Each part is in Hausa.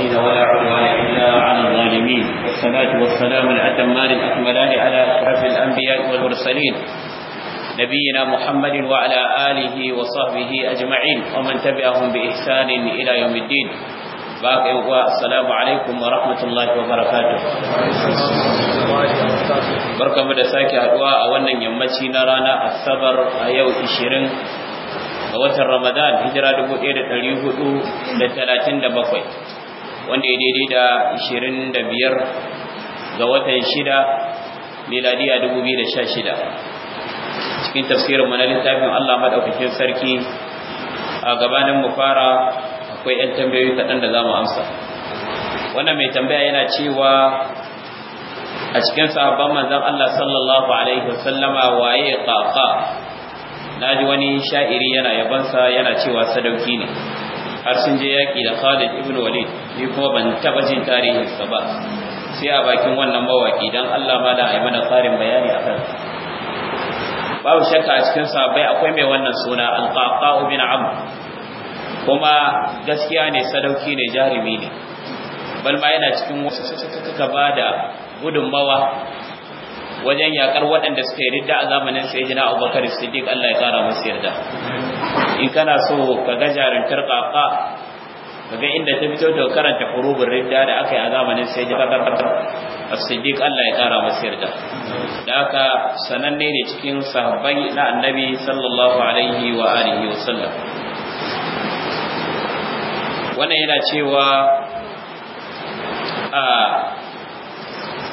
ولا عدوان إلا على الظالمين والصلاة والسلام الأتمان الأكملان على أشرف الأنبياء والمرسلين نبينا محمد وعلى آله وصحبه أجمعين ومن تبعهم بإحسان إلى يوم الدين باقي والسلام عليكم ورحمة الله وبركاته barkamu da sake haduwa a wannan yammaci na rana asabar a yau 20 ga watan ramadan hijira 1437 wanda ya daidai da biyar ga watan shida, 6 miladiya 2016 cikin tafsirin na littafin Allah maɗaukakin sarki a gabanin mu fara akwai 'yan tambayoyi kaɗan da za mu amsa wannan mai tambaya yana cewa a cikin sahabban manzan Allah sallallahu alaihi wasallama waye Na ji wani sha'iri yana yabansa yana cewa sadauki ne har sun je yaƙi da Khalid ibn Walid ni kuma ban taɓa jin tarihinsa ba sai a bakin wannan mawaƙi don Allah ma da a yi mana tsarin bayani a kan babu shakka a cikin sabai akwai mai wannan suna alƙaƙa'u bin amr kuma gaskiya ne sadauki ne jarumi ne bal ma yana cikin wasu suka ba da gudunmawa wajen yakar waɗanda suka yi ridda a zamanin sayyidina Abubakar Siddiq Allah ya kara masa yarda in kana so ka ga jarumtar kaka ga inda ta fito da karanta hurubun ridda da aka yi a zamanin sai abubakar siddiq Allah ya kara masa yarda da aka sananne ne cikin sahabbai na annabi sallallahu alaihi wa alihi wa sallam wannan yana cewa a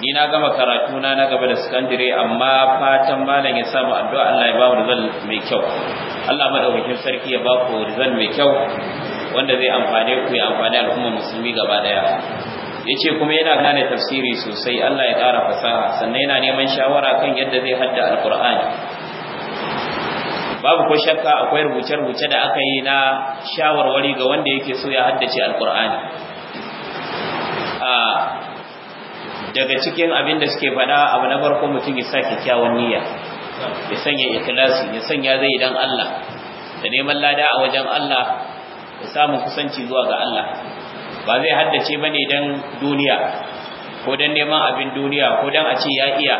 ni na gama karatu na na gaba da sakandare amma fatan malam ya samu addu'a Allah ya ba mu rizal mai kyau Allah madaukakin sarki ya ba ku rizal mai kyau wanda zai amfane ku ya amfane al'ummar musulmi gaba daya yace kuma yana gane tafsiri sosai Allah ya kara fasaha sannan yana neman shawara kan yadda zai hadda alqur'ani babu ko shakka akwai rubuce-rubuce da aka yi na shawarwari ga wanda yake so ya haddace alqur'ani ah, daga cikin abin da suke faɗa abu na farko mutum ya sa kyakkyawan niyya ya sanya ikhlasi ya sanya zai dan Allah da neman lada a wajen Allah ya samu kusanci zuwa ga Allah ba zai haddace bane dan duniya ko dan neman abin duniya ko dan a ce ya iya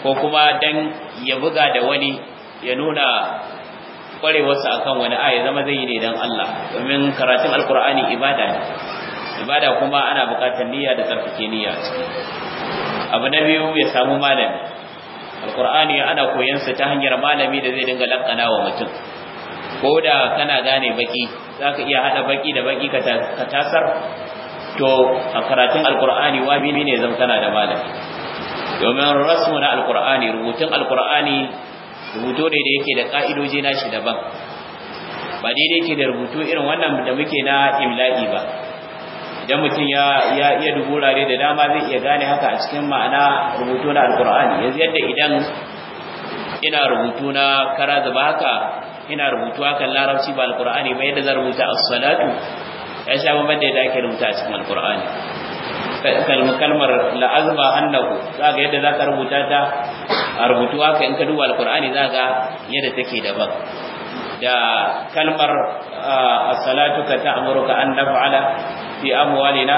ko kuma dan ya buga da wani ya nuna kwarewarsa akan wani aya zama zai yi ne dan Allah domin karatun alkur'ani ibada ne ibada kuma ana bukatar niyya da tsarkake niyya a ciki abu na biyu ya samu malami alkur'ani ana koyon sa ta hanyar malami da zai dinga lakana wa mutum ko da kana gane baki zaka iya hada baki da baki ka tasar to a karatun wa wajibi ne zan kana da malami domin rasmu na alkur'ani rubutun alkur'ani rubutu ne da yake da ka'idoji na shi daban ba daidai ke da rubutu irin wannan da muke na imla'i ba idan mutum ya ya iya duburare da dama zai iya gane haka a cikin ma'ana rubutu na alqur'ani yanzu yadda idan ina rubutu na kara zuba haka ina rubutu haka larabci ba alqur'ani ba yadda zan rubuta as-salatu ya sha babban da yadda ake rubuta a cikin alqur'ani kalmar la'azma annahu za ga yadda za ka rubuta ta a rubutu haka in ka duba alqur'ani za ga yadda take daban da kalmar ah, as-salatu ka ta'muru ka an naf'ala fi amwalina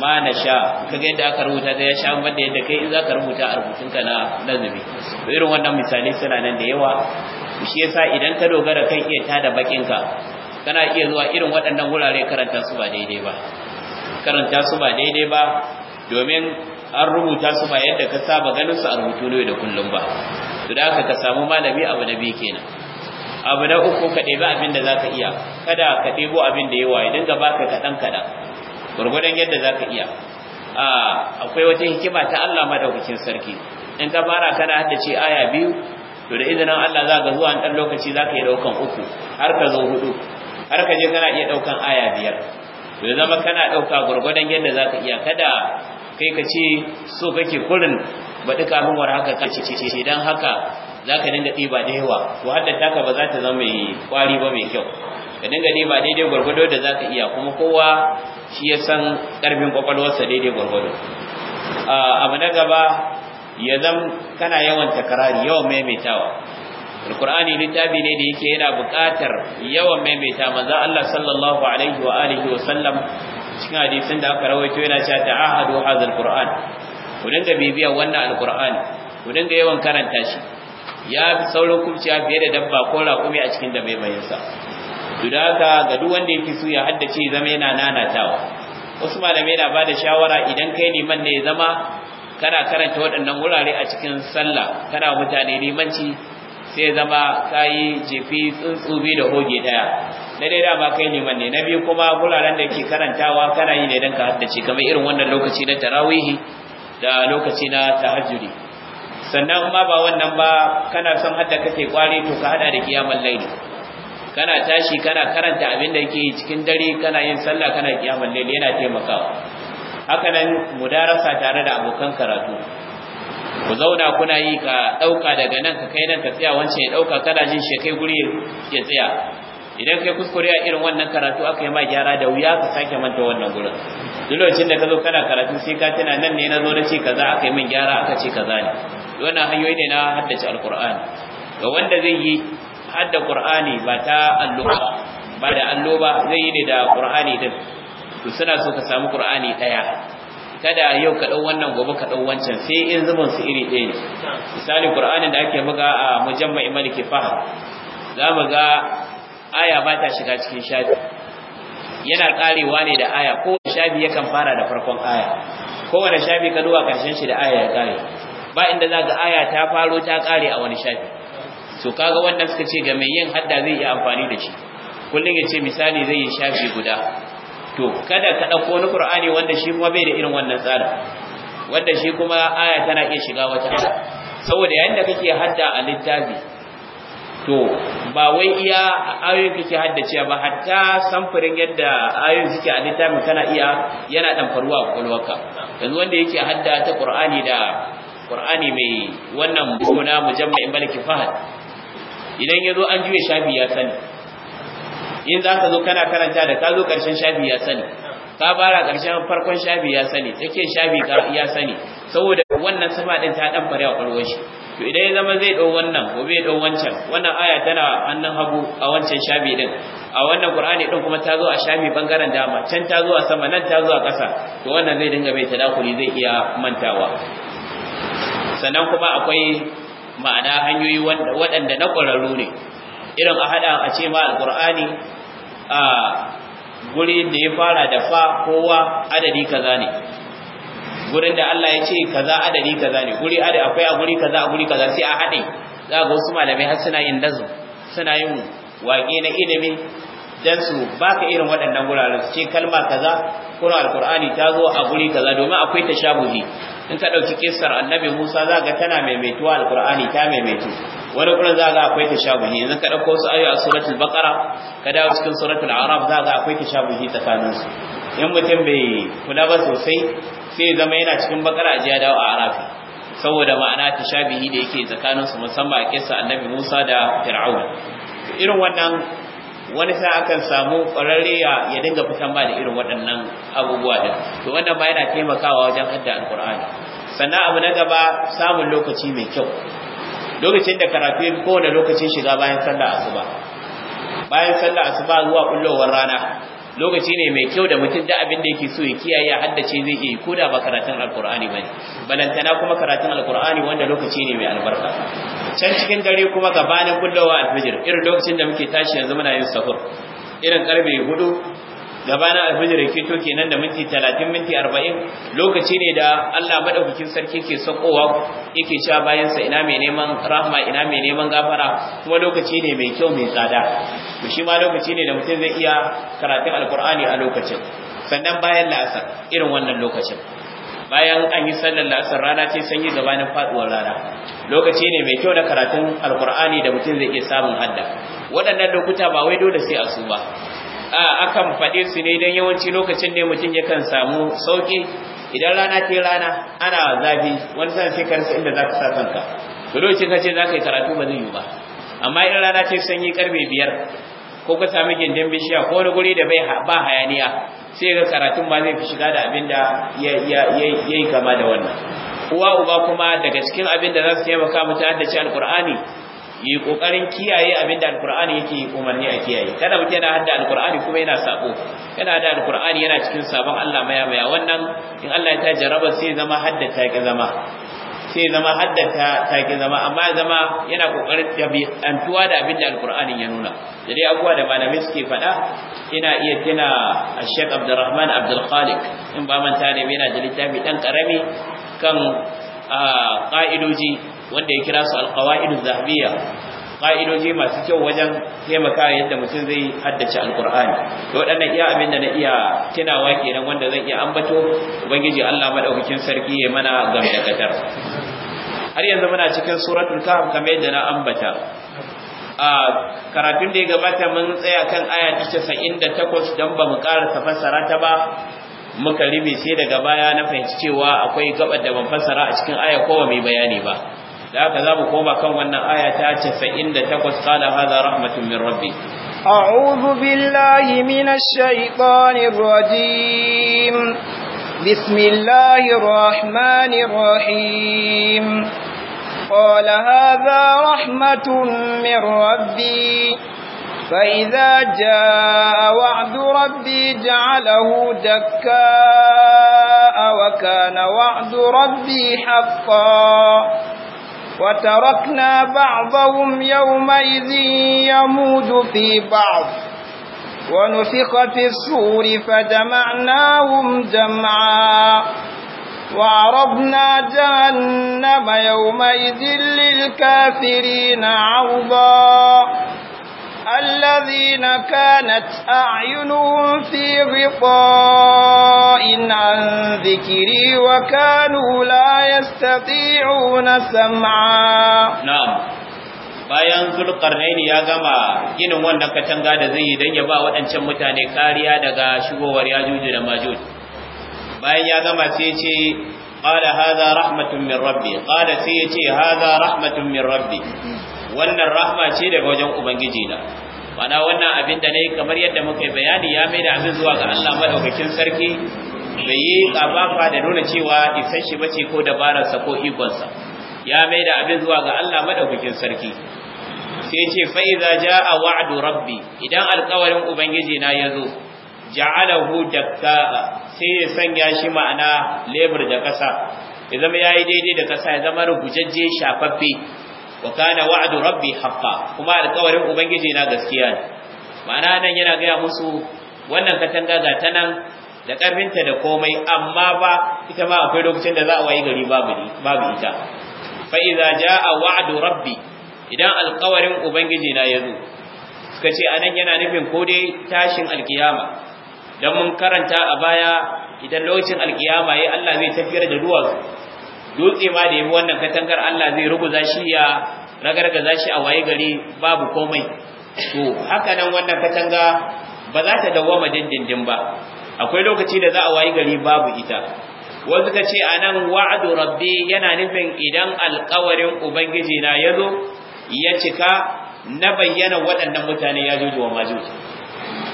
ma nasha kaga yadda aka rubuta da ya sha banda yadda kai in zaka rubuta a rubutunka na nazumi irin wannan misali suna nan da yawa shi yasa idan ka dogara kan iya da bakin ka kana iya zuwa irin waɗannan wurare karanta su ba daidai ba karanta su ba daidai ba domin an rubuta su ba yadda ka saba ganin su a rubutu ne da kullum ba to da ka samu malami abu na biyu kenan abu na uku ka ɗebi abin da za ka iya kada ka ɗebo abin da yawa idan gaba ka kaɗan kaɗan gurgurdan yadda za ka iya akwai wata hikima ta Allah madaukakin sarki in ka fara kana haddace aya biyu to da izinin Allah za ka zuwa an dan lokaci za ka yi daukan uku har ka zo hudu har ka je kana iya ɗaukan aya biyar to ya zama kana ɗauka gurgurdan yadda za ka iya kada kai ka ce so kake kurin ba duka war haka ka ce ce dan haka za ka dinga ɗiba da yawa ko hadda taka ba za ta zama mai kwari ba mai kyau ka dinga ba daidai gwargwado da zaka iya kuma kowa shi ya san karfin kwakwalwarsa daidai gwargwado abu na gaba ya zan kana yawan takarari yawan maimaitawa alqur'ani littafi ne da yake yana buƙatar yawan maimaita manzo Allah sallallahu alaihi wa alihi wa sallam cikin hadisin da aka rawaito yana cewa ta'ahadu hadha alqur'an ku dinga bibiya wannan alqur'ani ku dinga yawan karanta shi ya fi saurin kubciya fiye da dabba ko raƙumi a cikin da mai bayansa dudaka ga duk wanda yake so ya haddace zama yana nanatawa wasu malamai na bada shawara idan kai liman ne zama kana karanta waɗannan wurare a cikin sallah kana mutane limanci sai zama kayi jefi bi da hoge daya na dai dama kai liman ne na biyu kuma wuraren da ke karantawa kana yi ne don ka haddace kamar irin wannan lokaci na tarawihi da lokaci na tahajjudi sannan ma ba wannan ba kana son hadda kake kwari to ka hada da kiyamar laili kana tashi kana karanta abin da yake cikin dare kana yin sallah kana kiyamar laili yana taimakawa haka nan darasa tare da abokan karatu ku zauna kuna yi ka dauka daga nan ka kai nan ka tsaya wancan ya dauka kana jin shi kai guri ya tsaya idan kai kuskure a irin wannan karatu aka yi ma gyara da wuya ka sake manta wannan gurin duk lokacin da ka zo kana karatu sai ka tuna nan ne na zo na ce kaza aka min gyara aka ce kaza ne wannan hanyoyi ne na haddace alqur'ani ga wanda zai yi hadda qur'ani ba ta allo ba da allo zai yi ne da qur'ani din to suna so ka samu qur'ani daya kada yau ka dau wannan gobe ka dau wancan sai in zubin su iri ɗaya ne misali qur'anin da ake buga a mujamma'i maliki fa za mu ga aya ba ta shiga cikin shafi yana karewa ne da aya ko shafi yakan fara da farkon aya kowane shafi ka duba karshen shi da aya ya kare ba inda za ga aya ta faro ta kare a wani shafi so kaga wannan suka ce ga mai yin hadda zai iya amfani da shi kullun ya ce misali zai yi shafi guda to kada ka dauko wani qur'ani wanda shi kuma bai da irin wannan tsari, wanda shi kuma aya tana iya shiga wata saboda yayin da kake hadda a littafi to ba wai iya ayoyin kake haddace ba hatta samfurin yadda ayoyin suke a littafin kana iya yana dan faruwa a kwakwalwarka yanzu wanda yake hadda ta qur'ani da qur'ani mai wannan bukuna mujamma'in balki fahad idan ya zo an juya shafi ya sani in za ka zo kana karanta da ka zo ƙarshen shafi ya sani ka fara ƙarshen farkon shafi ya sani tsakiyar shafi ya sani saboda wannan sama ɗin ta ɗan fara ƙwarwar shi to idan ya zama zai ɗau wannan ko bai ɗau wancan wannan aya tana hannun hagu a wancan shafi ɗin a wannan qur'ani ɗin kuma ta zo a shafi bangaren dama can ta zo a sama nan ta zo a ƙasa to wannan zai dinga mai tadakuri zai iya mantawa sannan kuma akwai ma'ana hanyoyi waɗanda na ƙwararru ne irin a haɗa a ce ma alƙur'ani a gurin da ya fara da fa kowa adadi kaza ne gurin da Allah ya ce kaza adadi kaza ne guri ada akwai a guri kaza a guri kaza sai a haɗe za ga wasu malamai har suna yin dazu suna yin waƙe na ilimi dan su baka irin waɗannan guraren su ce kalma kaza kura alqur'ani ta zo a guri kaza domin akwai ta shabuhi in ka dauki kisar annabi Musa zaka tana maimaituwa alqur'ani ta maimaitu wani kullun zaka akwai ta shabuhi yanzu ka dauko su ayoyi a suratul baqara ka dawo cikin suratul araf zaka akwai ta tsakanin su in mutum bai kula ba sosai sai zama yana cikin baqara a jiya dawo a arafi saboda ma'ana ta tashabihi da yake tsakanin su musamman a kisar annabi Musa da Fir'aun irin wannan wani sa akan samu ƙwararre ya dinga fitan ba da irin waɗannan abubuwa din to wannan ba yana taimakawa wajen hadda alqur'ani sannan abu na gaba samun lokaci mai kyau lokacin da karatu ko kowane lokacin shiga bayan sallar asuba bayan sallar asuba zuwa kullowar rana lokaci ne mai kyau da mutum da abin da yake so ya kiyaye ya haddace zai yi ko da ba karatun alkur'ani bane balantana kuma karatun alkur'ani wanda lokaci ne mai albarka can cikin dare kuma gabanin kullawa alfajir irin lokacin da muke tashi yanzu muna yin sahur irin karfe hudu gabanin alfajir ya fito kenan da minti talatin minti arba'in lokaci ne da allah maɗaukakin sarki ke sakowa yake cewa bayansa ina mai neman rahma ina mai neman gafara kuma lokaci ne mai kyau mai tsada to shi ma lokaci ne da mutum zai iya karatun alkur'ani a lokacin sannan bayan la'asar irin wannan lokacin bayan an yi sallar la'asar rana ce sanyi gabanin faduwar rana lokaci ne mai kyau na karatun alkur'ani da mutum zai iya samun hadda waɗannan lokuta ba wai dole sai a su ba a akan faɗe su ne don yawanci lokacin ne mutum yakan samu sauƙi idan rana ke rana ana zafi wani sa sai karsa inda za ka sa kanka lokacin ka ce za ka yi karatu ba zai yi ba amma idan rana ce sanyi karfe biyar ko ka sami gindin bishiya ko wani guri da bai ba hayaniya sai ga karatun ma zai fi shiga da abin da ya yi kama da wannan uwa uba kuma daga cikin abin da za su taimaka mutum ci alkur'ani yi kokarin kiyaye abin da alkur'ani yake umarni a kiyaye kada mutum yana hada alkur'ani kuma yana sabo yana da alkur'ani yana cikin sabon Allah maya maya wannan in Allah ya ta jaraba sai zama hadda ta ki zama sai zama haddata ta ki zama amma zama yana kokarin tabi'antuwa da abin da alqur'ani ya nuna da dai abuwa da malamai suke faɗa ina iya tana Sheikh Abdulrahman Abdul in ba manta ne yana da littafi dan karami kan qa'idoji wanda ya kira su alqawaidu zahabiyya ƙa'idoji masu kyau wajen taimaka yadda mutum zai haddace alkur'ani da waɗannan iya abin da na iya tunawa kenan wanda zan iya ambato ubangiji Allah madaukakin sarki ya mana gamdakatar har yanzu muna cikin suratul kahf kamar yadda na ambata a karatun da ya gabata mun tsaya kan aya ta takwas dan ba mu ƙara tafasara ta ba muka ribe sai daga baya na fahimci cewa akwai gaɓar da ban fassara a cikin aya kowa mai bayani ba لذلك ذا بكوبا كم وانا آية تاتي فإن تقول قال هذا رحمة من ربي أعوذ بالله من الشيطان الرجيم بسم الله الرحمن الرحيم قال هذا رحمة من ربي فإذا جاء وعد ربي جعله دكاء وكان وعد ربي حقا وتركنا بعضهم يومئذ يموج في بعض ونفخ في الصور فجمعناهم جمعا وعرضنا جهنم يومئذ للكافرين عرضا الذين كانت أعينهم في غطاء عن ذكري وكانوا لا يستطيعون سمعا نعم bayan zulkarnaini ya gama ginin wannan katanga da zai yi don ya ba waɗancan mutane kariya daga shigowar yajuju da majuj bayan ya gama sai ce qala hadha rahmatun min rabbi qala sai ya ce hadha rahmatun min rabbi wannan rahma ce daga wajen ubangiji na mana wannan abin da nayi kamar yadda muka bayani ya mai da abin zuwa ga Allah madaukakin sarki bai yi kafafa da nuna cewa isan shi bace ko dabararsa ko ikonsa ya mai da abin zuwa ga Allah madaukakin sarki sai ce fa'iza idza jaa wa'du rabbi idan alƙawarin ubangiji na yazo ja'alahu dakka sai ya sanya shi ma'ana lebur da kasa ya zama yayi daidai da kasa ya zama rugujajje shafaffe wa kana wa'du rabbi haqqan kuma alƙawarin ubangiji na gaskiya ne ma'ana nan yana gaya musu wannan katanga ga ta nan da ƙarfinta da komai amma ba ita ma akwai lokacin da za a wayi gari babu babu ita fa idza jaa wa'du rabbi idan alƙawarin ubangiji na yazo suka ce anan yana nufin ko dai tashin alkiyama dan mun karanta a baya idan lokacin alkiyama yayi Allah zai tafiyar da duwatsu dutse ma da yabi wannan katangar Allah zai ruguza shi ya ragargaza zashi a waye gari babu komai to haka nan wannan katanga ba za ta dawwama dindindin ba akwai lokaci da za a waye gari babu ita wasu ta ce a nan wa'adu rabbi yana nufin idan alkawarin ubangiji na ya zo ya cika na bayyana waɗannan mutane ya zo wa majuji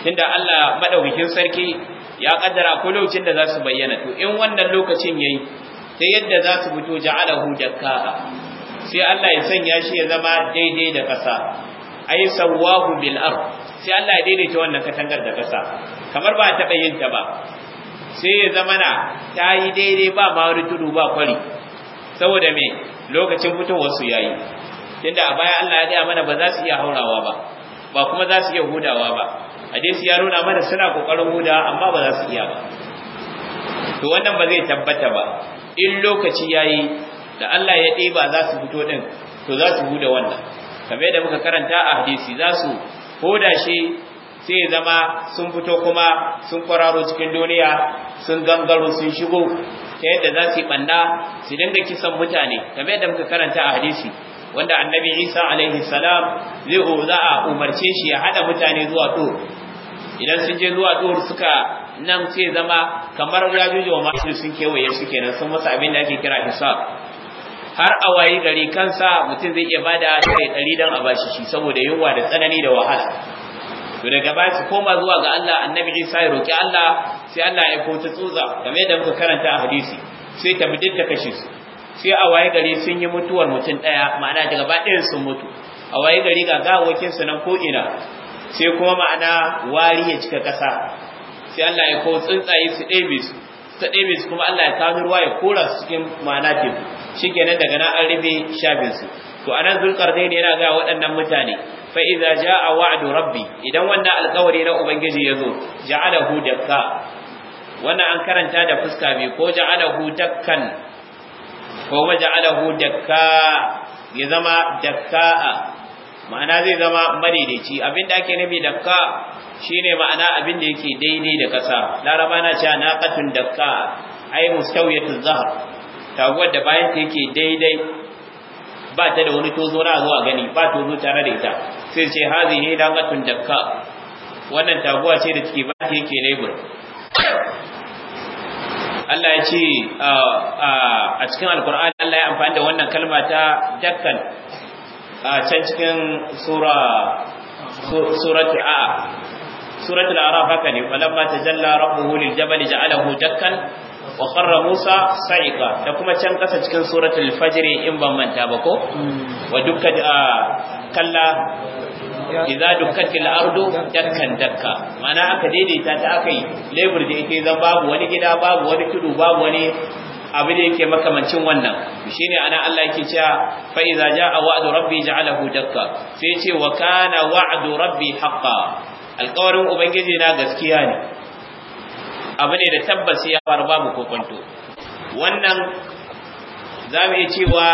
tunda Allah madaukakin sarki ya kaddara akwai lokacin da za su bayyana to in wannan lokacin yayi ta yadda za su fito ja'alahu jakka sai Allah ya sanya shi ya zama daidai da ƙasa ai sawahu bil ard sai Allah ya daidaita wannan katangar da ƙasa kamar ba ta yin ta ba sai ya zama na ta yi daidai ba ma ba kwari saboda me lokacin fitowar su yayi tunda a baya Allah ya gaya mana ba za su iya haurawa ba ba kuma za su iya hudawa ba hadisi ya nuna mana suna kokarin hudawa amma ba za su iya ba to wannan ba zai tabbata ba in lokaci yayi da Allah ya ɗeba za su fito din to za su huda wannan kamar da muka karanta a hadisi za su hoda shi sai zama sun fito kuma sun kwararo cikin duniya sun gangaro sun shigo ta yadda za su yi ɓanna su dinga kisan mutane kamar da muka karanta a hadisi wanda annabi isa alaihi salam zai za a umarce shi ya haɗa mutane zuwa to. idan sun je zuwa duhur suka nan sai zama kamar yajuju wa masu sun kewaye su kenan sun masa abin da ake kira hisab har a wayi gari kansa mutum zai iya bada sai ɗari dan a bashi shi saboda yunwa da tsanani da wahala to daga baya su koma zuwa ga Allah annabi Isa ya roki Allah sai Allah ya ta tsutsa game da muka karanta a hadisi sai ta bidin ta kashe su sai a wayi gari sun yi mutuwar mutum ɗaya, ma'ana daga ba ɗayan sun mutu a wayi gari ga gawakin su nan ko ina sai kuma ma'ana wari ya cika ƙasa sai Allah ya kawo tsuntsaye su ɗebe su ta ɗebe su kuma Allah ya samu ruwa ya kora su cikin ma'ana teku shi kenan daga nan an rufe shafin su to anan ne yana ga waɗannan mutane fa idza jaa wa'du rabbi idan wannan alƙawari na ubangiji yazo zo ja'alahu dakka wannan an karanta da fuska bi ko ja'alahu dakkan ko ma ja'alahu dakka ya zama dakka'a ma'ana zai zama madaidaici abin da ake nufi dakka shine ma'ana abin da yake daidai da kasa laraba na cewa naqatun dakka ai mustawiyatu zahr taguwar da bayan ta yake daidai ba ta da wani tozo na zuwa gani ba tozo tare da ita sai ce hazihi naqatun dakka wannan taguwa ce da take ba ta yake labur Allah ya ce a cikin alkur'ani Allah ya amfani da wannan kalma ta dakkan a can cikin sura surat a surat al-araf haka ne falamma tajalla rabbuhu lil jabal ja'alahu dakkan wa kharra musa sa'iqa da kuma can kasa cikin suratul fajr in ban manta ba ko wa dukkan kalla idza dukkatil ardu dakkan dakka mana aka daidaita ta akai lebur da yake zan babu wani gida babu wani tudu babu wani abu da yake makamancin wannan shine ana Allah yake cewa fa iza jaa wa'du rabbi ja'alahu dakka sai ce wa kana wa'du rabbi haqqan alƙawarin ubangiji na gaskiya ne abu ne da tabbas ya faru babu kokonto wannan za mu iya cewa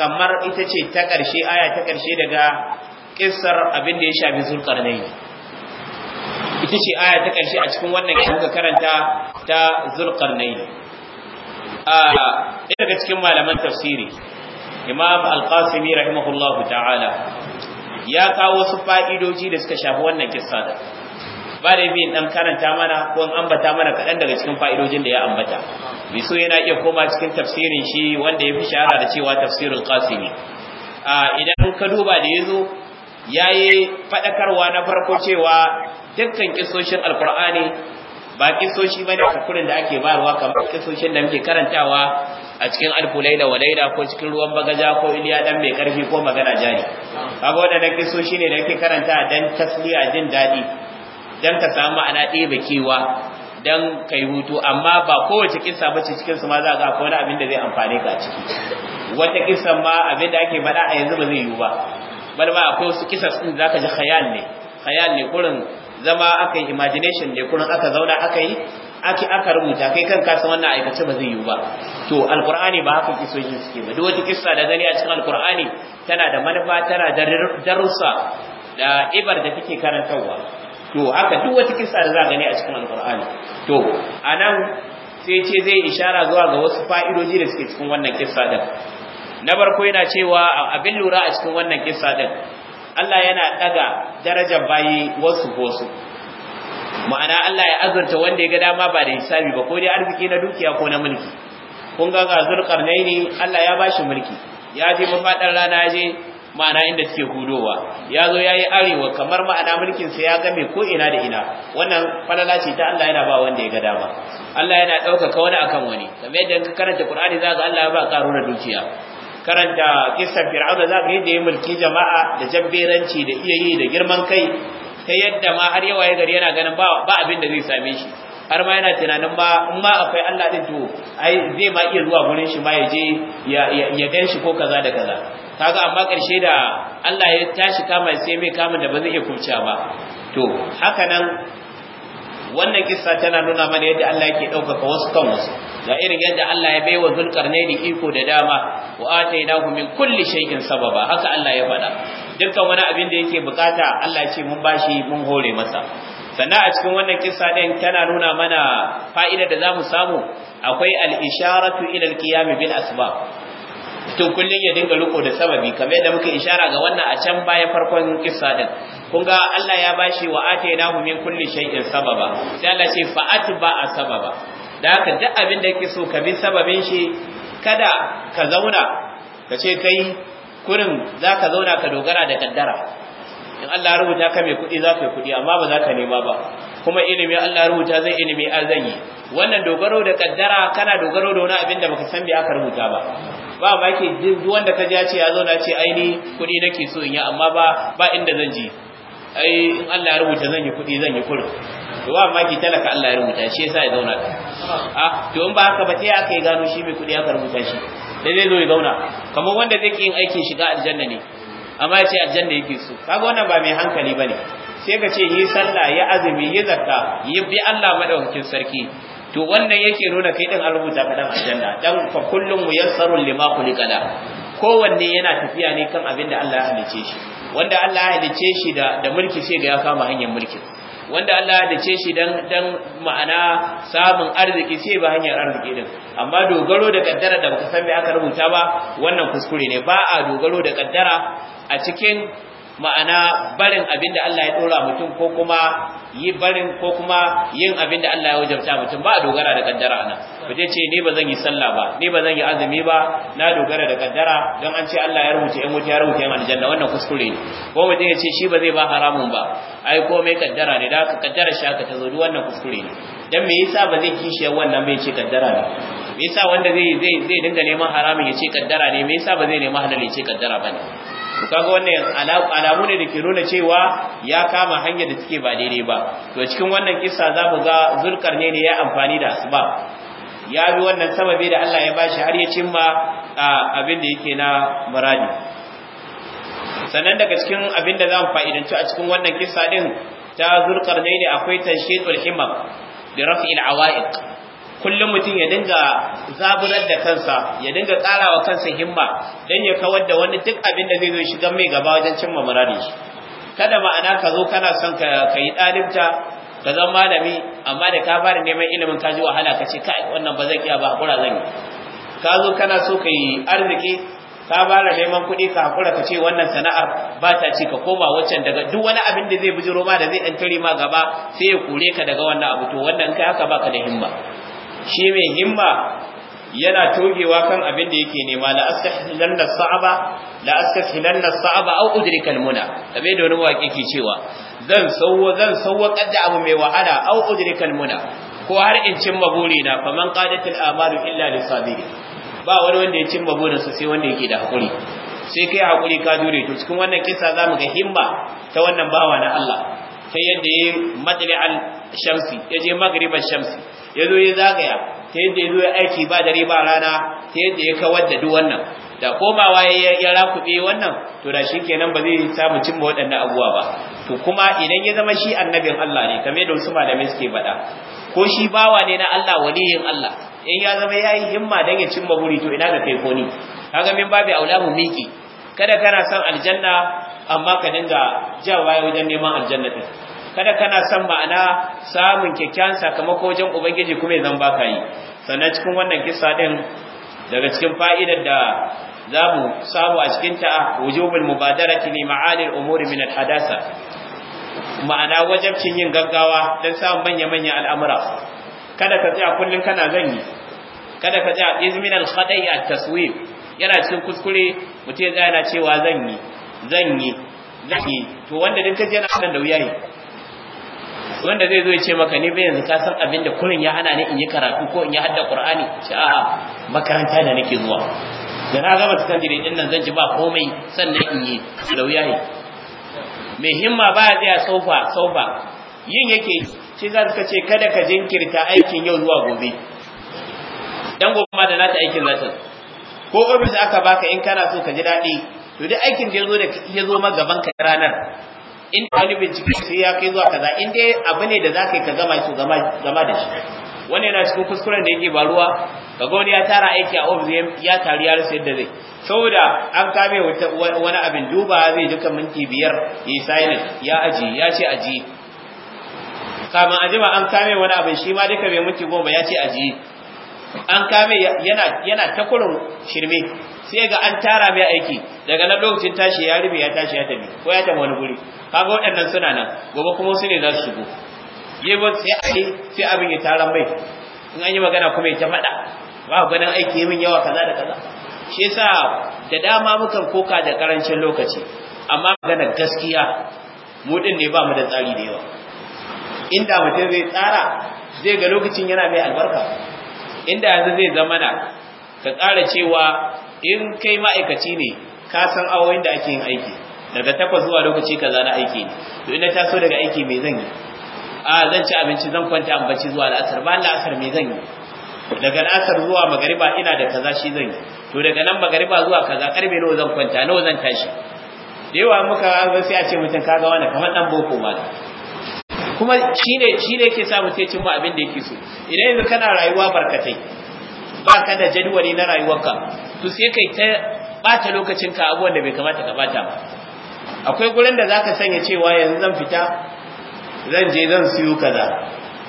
kamar ita ce ta ƙarshe aya ta ƙarshe daga kissar abin da ya shafi zulqarnaini ita ce aya ta ƙarshe a cikin wannan da karanta ta zulƙarnaini daga cikin malaman tafsiri imam al-qasimi rahimahullahu ta'ala ya kawo wasu fa'idoji da suka shafi wannan kissa da ba da yin dan karanta mana ko an ambata mana kaɗan daga cikin fa'idojin da ya ambata mai so yana iya koma cikin tafsirin shi wanda ya fi shahara da cewa tafsirul qasimi idan ka duba da yazo yayi fadakarwa na farko cewa dukkan kissoshin alqur'ani ba kisoshi a kukurin da ake bayarwa kamar kisoshin da muke karantawa a cikin alfulaila da walaida ko cikin ruwan bagaja ko iliya dan mai karfi ko magana jari kaga wadannan kisoshi ne da ake karanta dan a jin daɗi dan ka samu ma'ana ɗebe kewa dan kai hutu amma ba kowace kissa ba cikin su ma za ga akwai wani abin da zai amfane ka ciki wata kissan ma abin da ake faɗa a yanzu ba zai yiwu ba bal ma akwai wasu kissas din zaka ji khayal ne khayal ne kurin zama aka yi imagination ne kurin aka zauna aka yi aka rubuta kai kan kasa wannan aikace ba zai yiwu ba to alqur'ani ba haka kisoshin suke ba duk wata kissa da gani a cikin alqur'ani tana da manufa tana da darussa da ibar da take karantarwa to haka duk wata kissa da za gani a cikin alqur'ani to anan sai ce zai ishara zuwa ga wasu fa'idoji da suke cikin wannan kissa din na farko yana cewa abin lura a cikin wannan kissa din Allah yana ɗaga darajar bayi wasu wasu ma'ana Allah ya azurta wanda ya ga dama ba da hisabi ba ko dai arziki na dukiya ko na mulki kun ga ga zulqarnaini Allah ya bashi mulki ya je mafadar rana je ma'ana inda suke hudowa ya zo yayi arewa kamar ma'ana mulkin sa ya game ko ina da ina wannan falala ce ta Allah yana ba wanda ya ga dama Allah yana ɗaukaka wani akan wani kamar yadda ka karanta Qur'ani za ga Allah ya ba karu dukiya karanta kisan fir'auna za ka da ya mulki jama'a da jabberanci da iya yi da girman kai ta yadda ma har yawa ya gari yana ganin ba abin da zai same shi har ma yana tunanin ba in ma akwai Allah din to ai zai ma iya zuwa gurin shi ma ya je ya gan shi ko kaza da kaza kaga amma karshe da Allah ya tashi kama sai mai kama da ba zai iya kubce ba to haka nan wannan kissa tana nuna mana yadda Allah yake ɗaukaka wasu kan wasu ga irin yadda Allah ya baiwa da iko da dama wa atainahu min kulli shay'in sababa haka Allah ya faɗa dukkan wani abin da yake bukata Allah ya ce mun bashi mun hore masa sannan a cikin wannan kissa din tana nuna mana fa'ida da zamu samu akwai al-isharatu ila al-qiyam bil asbab to kullum ya dinga riko da sababi kamar yadda muka ishara ga wannan a can baya farkon kissa din kun ga Allah ya bashi wa atainahu min kulli shay'in sababa sai Allah ce fa atba sababa da haka duk abin da yake so ka bi sababin shi kada ka zauna ka ce kai kurin za ka zauna ka dogara da kaddara in Allah rubuta ka mai kuɗi za ka yi kuɗi amma ba za ka nema ba kuma ilimi Allah rubuta zai ilimi a wannan dogaro da kaddara kana dogaro da wani abin da baka san bai aka rubuta ba ba ba ke duk wanda ka ja ce ya zauna ce aini kuɗi nake so in yi amma ba ba inda zan je ai in Allah ya rubuta zan yi kuɗi zan yi kuɗi to ba ma ki talaka Allah ya rubuta shi yasa ya zauna a ah, to in ba haka ba sai aka yi gano shi mai kuɗi aka rubuta shi dai zai zo ya zauna kamar wanda zai ki yin aikin shiga aljanna ne amma ya ce aljanna yake so kaga wannan ba mai hankali bane sai ka ce yi sallah ya azumi yi zakka yi bi Allah madaukakin sarki to wannan yake nuna kai din an rubuta ka dan aljanna dan fa kullum muyassarun lima khuliqa la kowanne yana tafiya ne kan abin da Allah ya halice shi wanda Allah ya halice shi da da mulki sai ga ya kama hanyar mulki wanda Allah ya halice shi dan dan ma'ana samun arziki sai ba hanyar arziki din amma dogaro da kaddara da baka san me aka rubuta ba wannan kuskure ne ba a dogaro da kaddara a cikin ma'ana barin abin da Allah ya dora mutum ko kuma yi barin ko kuma yin abin da Allah ya wajabta mutum ba a dogara da kaddara ana mutum ce ni ba zan yi sallah ba ni ba zan yi azumi ba na dogara da kaddara don an ce Allah ya rubuce yan wuta ya rubuce yan aljanna wannan kuskure ne ko mutum ya ce shi ba zai ba haramun ba ai komai kaddara ne da ka kaddara shi aka tazo duk wannan kuskure ne dan me yasa ba zai kishi wannan bai ce kaddara ne me yasa wanda zai zai zai dinga neman haramun ya ce kaddara ne me yasa ba zai neman halal ya ce kaddara bane to kaga wannan alamu ne da ke nuna cewa ya kama hanyar da take ba daidai ba to cikin wannan kissa za mu ga zulkarne ne ya amfani da asbab ya bi wannan sababi da Allah ya bashi har ya cimma abin da yake na muradi sannan daga cikin abin da za mu fa'idanci a cikin wannan kissa din ta zulkarne ne akwai tanshitul himam bi raf'il awa'iq kullum mutum ya dinga zaburar da kansa ya dinga wa kansa himma dan ya kawar da wani duk abin da zai zo shiga mai gaba wajen cimma muradi. shi kada ma'ana ka zo kana son ka yi ɗalibta ka zama malami amma da ka fara neman ilimin ka ji wahala ka ce kai wannan ba zai iya ba hakura zan yi ka zo kana so ka yi arziki ka fara neman kuɗi ka hakura ka ce wannan sana'ar ba ta ci ka koma waccan daga duk wani abin da zai bijiro ma da zai dan tare ma gaba sai ya kore ka daga wannan abu to wannan kai haka baka da himma shi mai himma yana togewa kan abin da yake nema la astahhilanna sa'aba la astahhilanna sa'aba aw udrikal muna kabe da wani waƙe cewa zan sauwa zan sawwa kadda abu mai wahala aw udrikal muna ko har in cimma na faman qadatil amalu illa lisabiri ba wani wanda ya cimma burinsa sai wanda yake da hakuri sai kai hakuri ka jure to cikin wannan kisa zamu ga himma ta wannan bawa na Allah Ta yadda ya matsali al shamsi ya je magribar shamsi ya zo ya zagaya ta yadda ya zo ya aiki ba dare ba rana ta yadda ya kawar da duk wannan da komawa ya rakuɓe wannan to da shi kenan ba zai samu cimma waɗannan abubuwa ba to kuma idan ya zama shi annabin Allah ne kamar da wasu malamai suke faɗa ko shi bawa ne na Allah waliyin Allah in ya zama ya himma dan ya cimma buri to ina ga kai ko ni kaga min babu aulamu miki kada kana son aljanna amma ka dinga jawaye wajen neman aljanna din kada kana son ma'ana samun kyakkyawan sakamako wajen ubangiji kuma zan baka yi sannan cikin wannan kissa din daga cikin fa'idar da za mu samu a cikin ta wujubul mubadarati ni ma'alil umuri min al hadasa ma'ana wajabcin yin gaggawa don samun manya-manyan al'amura kada ka tsaya kullum kana zanyi kada ka tsaya izmin al-khadai at-taswib yana cikin kuskure mutum ya tsaya yana cewa zanyi zan yi zan yi to wanda duk kaje na hadan da wuya wanda zai zo ya ce maka ni bai yanzu ka san abin da kullun ya hana ni in yi karatu ko in yi hadda qur'ani ce a'a makaranta da nake zuwa da na gama sakandare din nan zan ji ba komai sannan in yi da wuya mai himma ba ya tsaya saufa saufa yin yake shi za ka ce kada ka jinkirta aikin yau zuwa gobe dan gobe ma da ta aikin zata ko ofis aka baka in kana so ka ji daɗi to dai aikin da yazo da ya zo gaban ka ranar in wani bincike sai ya kai zuwa kaza in dai abu ne da zaka yi ka gama shi gama da shi wani yana cikin kuskuren da yake baruwa ga wani ya tara aiki a ofis ya tari ya rasa yadda zai saboda an kame wani abin duba zai duka minti biyar ya yi silent ya aji ya ce aji kamin ajima an kame wani abin shi ma duka bai minti goma ya ce aji an kame yana yana takurin shirme sai ga an tara mai aiki daga nan lokacin tashi ya rufe ya tashi ya tafi ko ya tafi wani guri kaga waɗannan suna nan gobe kuma su ne za su shigo ba sai a yi sai abin ya tara mai in an yi magana kuma ya ta faɗa ba ganin aiki min yawa kaza da kaza shi yasa da dama mukan koka da karancin lokaci amma magana gaskiya mu din ne ba mu da tsari da yawa inda mutum zai tsara zai ga lokacin yana mai albarka inda yanzu zai zama na ka ƙara cewa in kai ma'aikaci ne ka san awoyin da ake yin aiki daga takwas zuwa lokaci ka na aiki ne to ina taso daga aiki me zan yi a zan ci abinci zan kwanta an bacci zuwa la'asar ba la'asar me zan yi daga la'asar zuwa magariba ina da kaza shi zan yi to daga nan magariba zuwa kaza karbe nawa zan kwanta nawa zan tashi da yawa muka ga sai a ce mutum kaga wani kamar dan boko ma kuma shine shine yake sa mutum ya cimma abin da yake so idan yanzu kana rayuwa barkatai ba ka da jadwali na rayuwarka to sai kai ta bata lokacin ka abubuwan da bai kamata ka bata ba akwai gurin da zaka sanya cewa yanzu zan fita zan je zan siyo kaza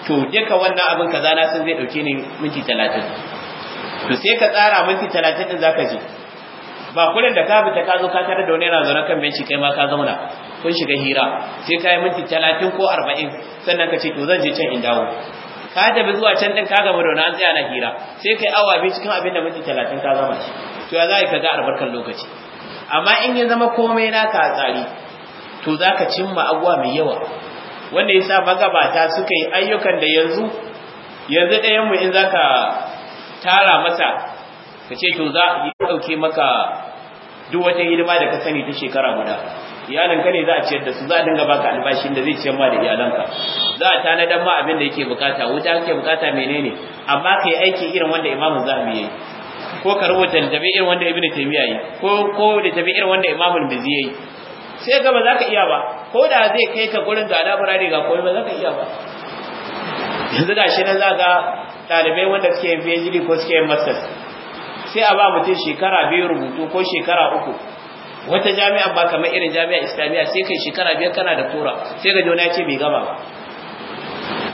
to duka wannan abin kaza na san zai dauke ni minti 30 to sai ka tsara minti 30 din zaka je ba kullun da ka fita ka zo ka tare da wani yana zaune kan benci kai ma ka zauna kun shiga hira sai ka yi minti 30 ko 40 sannan ka ce to zan je can in dawo ka tafi zuwa can din ka gama da an tsaya na hira sai kai awa bi cikin abin da mutum talatin ka zama shi to ya zai ka ga albarkar lokaci amma in ya zama komai na a tsari to za ka cimma abuwa mai yawa wanda yasa magabata suka yi ayyukan da yanzu yanzu ɗayanmu in zaka tara masa kace to za a ɗauke maka duk wata hidima da ka sani ta shekara guda ka ne za a ciyar da su za a dinga baka albashin da zai ciyar ma da iyalanka za a dan ma abin da yake bukata wuta kake bukata menene amma kai aiki irin wanda imamu zahabi yayi ko ka rubuta littafi irin wanda ibnu taymiya yayi ko ko littafi irin wanda imamu al-bizi yayi sai ga ba za ka iya ba ko da zai kai ka gurin ga labarari ga koyi ba za ka iya ba yanzu da shi nan za ga ɗalibai wanda suke yin PhD ko suke yin masters sai a ba mutum shekara biyu rubutu ko shekara uku wata jami'a ba kamar irin jami'a islamiyya sai kai shekara biyar kana da tura sai ga jona ce bai gama ba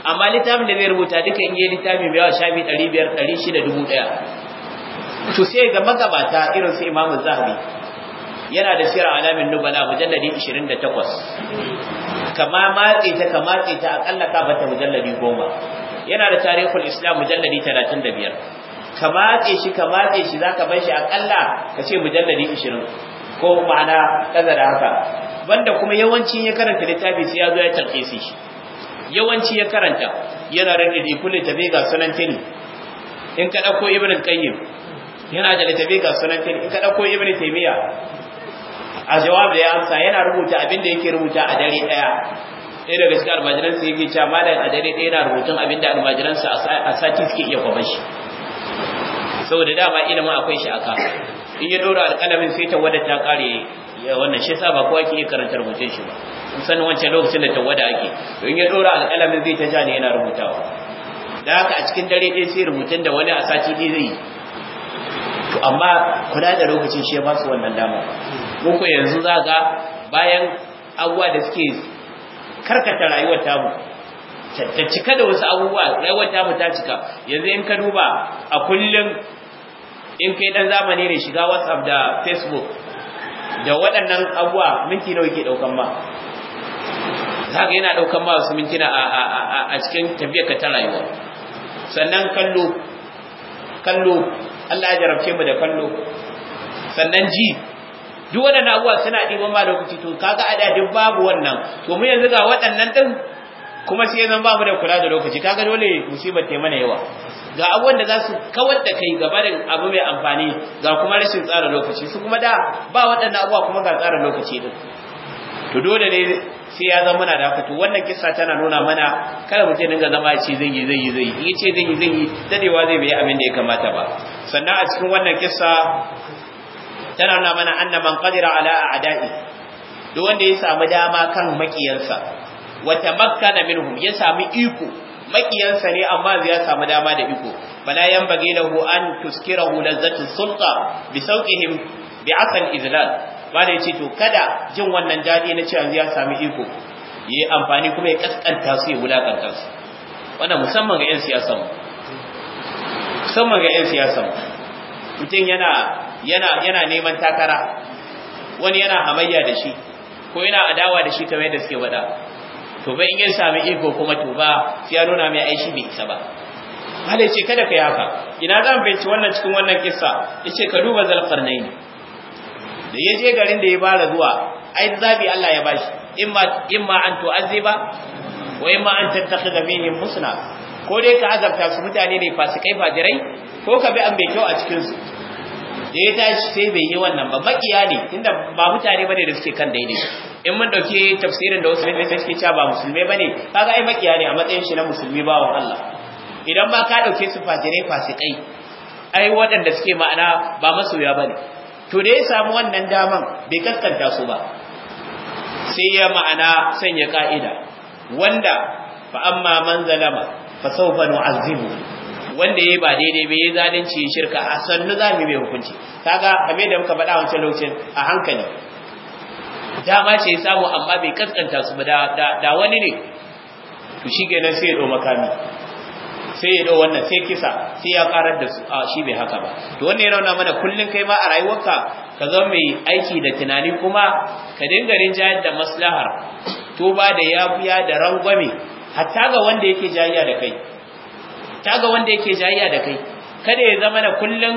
amma littafin da zai rubuta duka in yi littafi mai yawa shafi ɗari biyar ɗari shida dubu ɗaya to sai ga magabata irin su imamu zahabi yana da sirar alamin nubala mujalladi ishirin da takwas kama matse ta kama matse ta akalla ka bata mujalladi goma yana da tarihul islam mujalladi talatin da biyar ka matse shi ka matse shi za ka bar shi akalla ka ce mujalladi ishirin ko ma'ana kaza da haka wanda kuma yawanci ya karanta littafi sai ya zo ya talkisi shi yawanci ya karanta yana rage kullu tabi ga sunan tini in ka dauko ibnu qayyim yana da littafi ga sunan tini in ka dauko ibnu taymiya a jawab da ya amsa yana rubuta abin da yake rubuta a dare daya ɗaya daga cikin sai yake cewa malam a dare ɗaya yana rubutun abin da sa a sati suke iya kwabashi saboda dama ilimin akwai shi a in ya dora alƙalamin sai tawada ta kare wannan shi yasa ba kowa ke karanta rubutun shi ba kun san wancan lokacin da tawada ake to in ya dora alƙalamin zai ta ja ne yana rubutawa da haka a cikin dare ɗaya sai rubutun da wani a sati ɗaya zai yi to amma kula da lokacin shi ya ba su wannan dama muku yanzu za ga bayan abubuwa da suke karkata rayuwar tamu ta cika da wasu abubuwa rayuwar tamu ta cika yanzu in ka duba a kullum in kai dan zamani ne shiga whatsapp da facebook da waɗannan abuwa minti nawa yake ɗaukan ma za ka yana ɗaukan ma wasu mintina a cikin tafiyar ka ta rayuwa sannan kallo kallo Allah ya jarabce mu da kallo sannan ji duk waɗannan abuwa suna ɗiban ma lokaci to kaga a duk babu wannan to mu yanzu ga waɗannan ɗin kuma sai zan ba mu da kula da lokaci kaga dole musibar ta mana yawa ga abubuwan da za su kawar da kai gabarin abu mai amfani ga kuma rashin tsara lokaci su kuma da ba waɗannan abubuwa kuma ga tsara lokaci din to dole ne sai ya zama muna da to wannan kissa tana nuna mana kada mutum dinga zama ce zan yi zan yi zan yi ce zan yi zan yi dadewa zai bai abin da ya kamata ba sannan a cikin wannan kissa tana nuna mana annaman qadira ala a'da'i duk wanda ya samu dama kan makiyansa wa tamakkana minhum ya sami iko makiyansa ne amma zai samu dama da iko bala yan bage lahu an tuskirahu lazzatu sulta bi sauqihim bi asal izlal bala yace to kada jin wannan dadi na cewa zai sami iko yi amfani kuma ya kaskanta su ya wulakanta su wannan musamman ga yan siyasa musamman ga yan siyasa mutum yana yana yana neman takara wani yana hamayya da shi ko yana adawa da shi kamar yadda suke wada to ba in ya sami iko kuma to ba sai ya nuna mai aishi bai isa ba Allah ce kada ka yaka. ina zan fahimci wannan cikin wannan kissa ya ce ka duba zalqarnain da ya je garin da ya bara zuwa ai zabi Allah ya bashi imma imma an ba? wa imma an tattakhidha bihim musna ko dai ka azabta su mutane ne fasikai fadirai ko ka bi an bai kyau a cikinsu? da ya tashi sai bai yi wannan ba makiya ne tunda ba mutane bane da suke kan daidai in mun dauke tafsirin da wasu ne sai suke cewa ba musulmai bane kaga ai makiya ne a matsayin shi na musulmi bawan Allah idan ba ka dauke su fajirai fasikai ai waɗanda suke ma'ana ba masoya bane to da ya samu wannan daman bai kaskanta su ba sai ya ma'ana sanya ka'ida wanda fa amma man zalama fa sawfa nu'azzibu wanda ya yayi ba daidai ba yayi zalunci shirka a sannu za yi mai hukunci kaga kamar da muka faɗa wancan lokacin a hankali dama ce ya samu amma bai kaskanta su ba da wani ne to shi shikenan sai ya dau makami sai ya dau wannan sai kisa sai ya karar da su a shi bai haka ba to wannan ya rauna mana kullun kai ma a rayuwarka ka zama mai aiki da tunani kuma ka dinga rinjayar da maslahar To tuba da yafiya da rangwame hatta ga wanda yake jayya da kai ta ga wanda yake jayayya da kai kada ya zama na kullum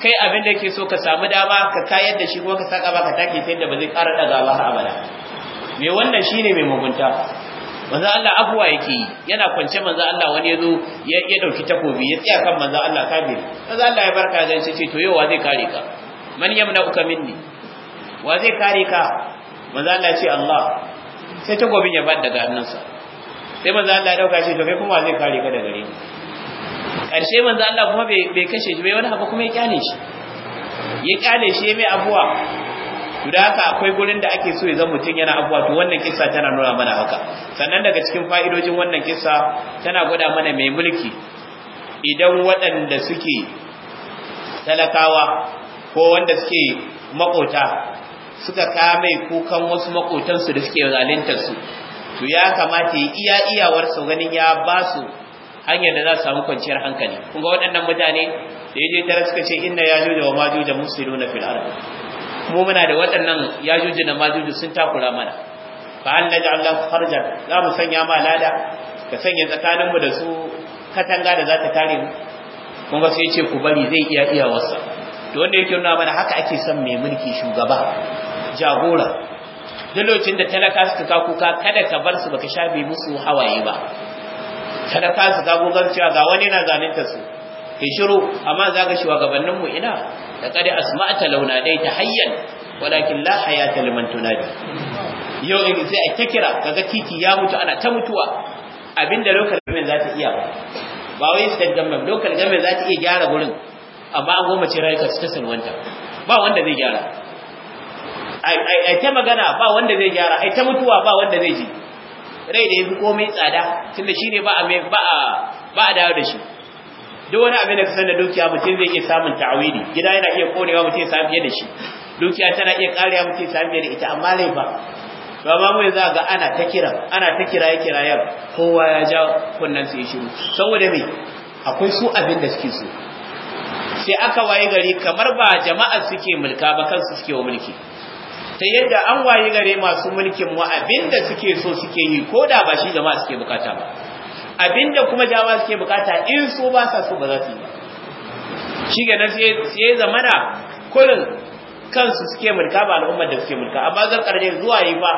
kai abin da yake so ka samu dama ka kayar da shi kuma ka saka ba ka take ta da ba zai ƙara daga ba har abada me wannan shine mai mugunta manzo Allah afuwa yake yana kwance manzo Allah wani yazo ya ya dauki takobi ya tsaya kan manzo Allah kabe. manzo Allah ya barka da shi ce to yau wa zai kare ka man uka minni wa zai kare ka manzo Allah ya ce Allah sai takobin ya bada daga hannunsa sai manzo Allah ya dauka shi to kai kuma zai kare ka daga gare ni karshe manzo Allah kuma bai kashe shi bai wani abu kuma ya kyale shi ya kyale shi ya mai abuwa to da haka akwai gurin da ake so ya zama mutum yana abuwa to wannan kissa tana nuna mana haka sannan daga cikin fa'idojin wannan kissa tana gwada mana mai mulki idan waɗanda suke talakawa ko wanda suke makota suka kame kukan wasu makotansu da suke zaluntar su to ya kamata ya iya su ganin ya ba su hanyar da za su samu kwanciyar hankali kun ga waɗannan mutane da yaje tare suka ce inna yajuj wa majuj mufsiduna fil ard mu muna da waɗannan yajuj da majuj sun takura mana fa an naj'al lahu za mu sanya ma lada ka sanya tsakanin mu da su katanga da za ta kare mu kun ga sai ce ku bari zai iya iya wasa to wanda yake nuna mana haka ake son mai mulki shugaba jagora duk lokacin da talaka suka kuka kada ka bar su baka shafe musu hawaye ba ka su kasu ka gogar cewa ga wani na ta su ki shiru amma za ka shugabannin mu ina da kada asma'ata launa dai ta hayyan walakin la hayata liman tunadi yau in sai a kikira kira kaga titi ya mutu ana ta mutuwa abinda local government za ta iya ba wai state government local government za ta iya gyara gurin amma an goma ce rayuka su ta sanwanta. ba wanda zai gyara ai ta magana ba wanda zai gyara ai ta mutuwa ba wanda zai ji rai da yafi komai tsada tunda shine ba a ba a ba a dawo da shi duk wani abin da ka san da dukiya mutum zai iya samun ta'awili gida yana iya konewa mutum ya samu fiye da shi dukiya tana iya karewa mutum ya samu fiye da ita amma lai ba ba ma mai za ga ana ta kira ana ta kira ya kira kowa ya ja kunnan su yi shiru saboda me akwai su abin da suke so sai aka waye gari kamar ba jama'a suke mulka ba kansu suke wa mulki ta yadda an waye gare masu mulkin mu abinda suke so suke yi ko da ba shi jama'a suke bukata ba abinda kuma jama'a suke bukata in so ba sa so ba za su yi shi ga sai zamana kullun kansu suke mulka ba al'ummar da suke mulka amma zan karje zuwa yi ba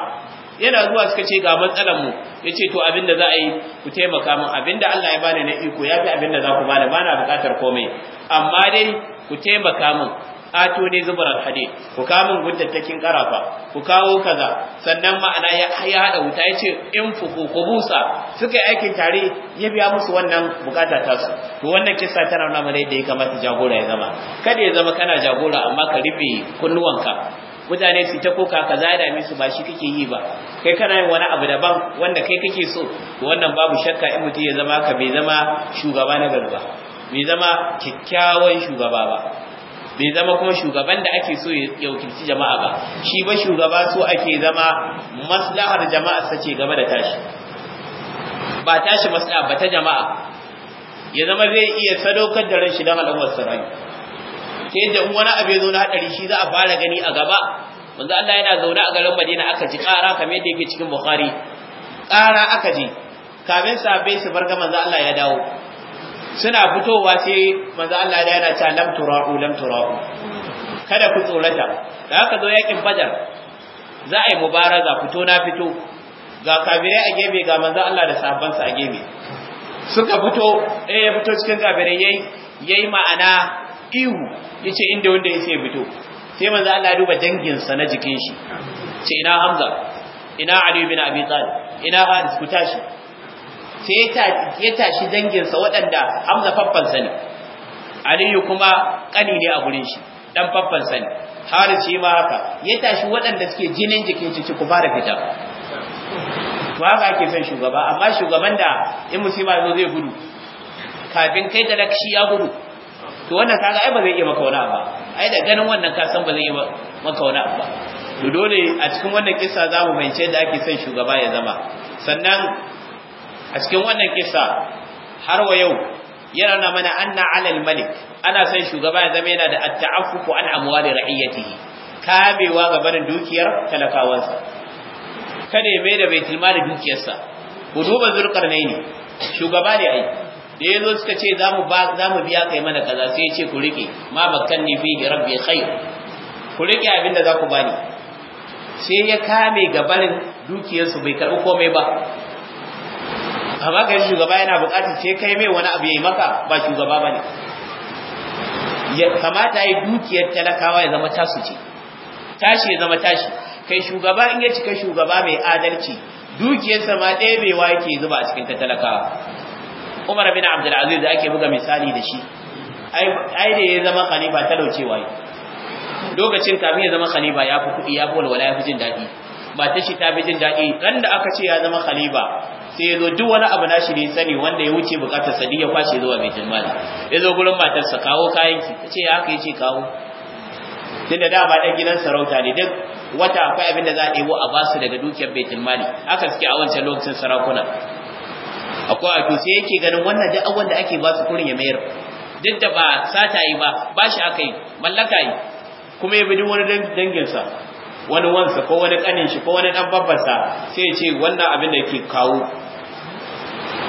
yana zuwa suka ce ga matsalar mu yace to abinda za a yi ku taimaka min Abinda Allah ya bani na iko yafi fi abinda za ku bani bana bukatar komai amma dai ku taimaka min ato ne zubarar hade ku min guntattakin karafa ku kawo kaza sannan ma'ana ya haɗa wuta ya ce in fuku ku busa suka yi aikin tare ya biya musu wannan bukata ta su to wannan kissa tana nuna mana yadda ya kamata jagora ya zama kada ya zama kana jagora amma ka rufe kunnuwanka mutane su ta koka ka da musu ba shi kake yi ba kai kana yin wani abu daban wanda kai kake so to wannan babu shakka in mutum ya zama ka bai zama shugaba na garba bai zama kyakkyawan shugaba ba bai zama kuma shugaban da ake so ya wakilci jama'a ba shi ba shugaba so ake zama maslahar jama'a ta ce gaba da tashi ba tashi maslaha ba ta jama'a ya zama zai iya sadaukar da rashin shi don al'ummar sa rayu ta yadda wani abu ya zo na hadari shi za a fara gani a gaba Wanzu Allah yana zaune a garin Madina aka ji ƙara kamar yadda yake cikin Bukhari ƙara aka ji kafin sahabbai su bar gama za Allah ya dawo suna fitowa sai manzo Allah ya yana ta lam tura'u lam tura'u kada ku tsorata da haka zo yakin badar za a yi mubaraza fito na fito ga kafirai a gebe ga manzo Allah da sa a gebe suka fito eh ya fito cikin kafirai yayi yayi ma'ana ihu yace inda wanda ya fito sai manzo Allah ya duba dangin sa na jikin shi ce ina Hamza ina Ali bin Abi Talib ina Haris ku tashi sai ya tashi danginsa waɗanda hamza faffansa ne aliyu kuma ƙani ne a gurin shi ɗan faffansa ne haris shi ma haka ya tashi waɗanda suke jinin jikin ci ku fara fita to haka ake son shugaba amma shugaban da in musiba zo zai gudu kafin kai da lakshi ya gudu to wannan kaga ai ba zai iya maka wani ba ai da ganin wannan ka san ba zai iya maka wani ba to dole a cikin wannan kissa za mu da ake son shugaba ya zama sannan a cikin wannan kisa har wa yau yana na mana anna alal malik ana son shugaba ya zama yana da at-ta'affufu an amwali ra'iyatihi kabewa ga barin dukiyar talakawansa kada ya mai da baitul mali dukiyarsa ku duba zulqarnaini shugaba ne ai da yazo suka ce zamu ba zamu biya kai mana kaza sai ya ce ku rike ma bakkanni fi rabbi khair ku rike abinda za ku bani sai ya kame gabarin dukiyarsu bai karbi komai ba amma ga shugaba yana bukatar sai kai mai wani abu yayi maka ba shugaba bane ya kamata yi dukiyar talakawa ya zama tasu ce tashi ya zama tashi kai shugaba in ya cika shugaba mai adalci dukiyarsa ma ɗaya mai wa yake zuba a cikin talakawa Umar bin Abdul Aziz da ake buga misali da shi ai da ya zama khalifa talaucewa lokacin kafin ya zama khalifa ya fi kuɗi ya fi walwala ya fi jin daɗi ta shi ta bi jin daɗi ran da aka ce ya zama khalifa sai ya zo duk wani abu nashi ne sani wanda ya wuce bukatar sadi ya kwashe zuwa baitul ya zo gurin matarsa kawo kayan ki ce ya haka yace kawo tun da dama dan gidan sarauta ne duk wata akwai abin da za a ɗebo a basu daga dukiyar baitul mali haka suke a wancan lokacin sarakuna akwai a to sai yake ganin wannan duk abubuwan da ake basu kurin ya mayar duk da ba sata yi ba ba shi aka yi mallaka yi kuma ya bi duk wani danginsa wani wansa ko wani kanin shi ko wani dan babbarsa sai ya ce wannan abin da ke kawo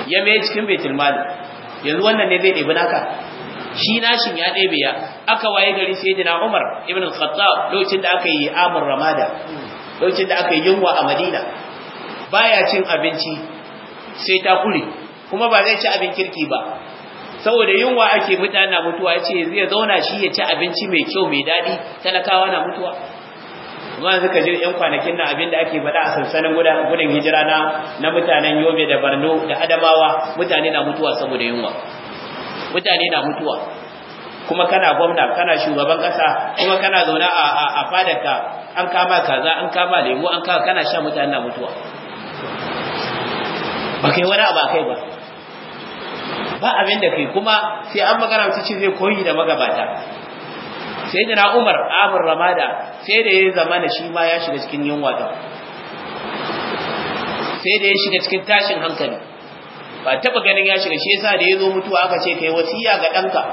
ya mai cikin baitul mal yanzu wannan ne zai ɗebi naka shi nashin ya ɗebe ya aka waye gari sai umar ibn khattab lokacin da aka yi amur ramada lokacin da aka yi yunwa a madina baya cin abinci sai ta kure kuma ba zai ci abin kirki ba saboda yunwa ake mutana mutuwa yace ce zai zauna shi ya ci abinci mai kyau mai daɗi talakawa na mutuwa zuwa suka ji yan kwanakin nan abinda ake faɗa a sansanin gudun hijira na na mutanen Yobe da Barno da Adamawa mutane na mutuwa saboda yunwa mutane na mutuwa kuma kana gwamna kana shugaban kasa kuma kana zaune a a fadarka an kama kaza an kama lemu an kama kana sha mutane na mutuwa ba kai wani abu kai ba ba abin da kai kuma sai an magana mutum zai koyi da magabata sayyidina Umar Amir Ramada sai da ya zama shi ma ya shiga cikin yunwa ta sai da ya shiga cikin tashin hankali ba taba ganin ya shiga shi yasa da ya zo mutuwa aka ce kai wasiya ga danka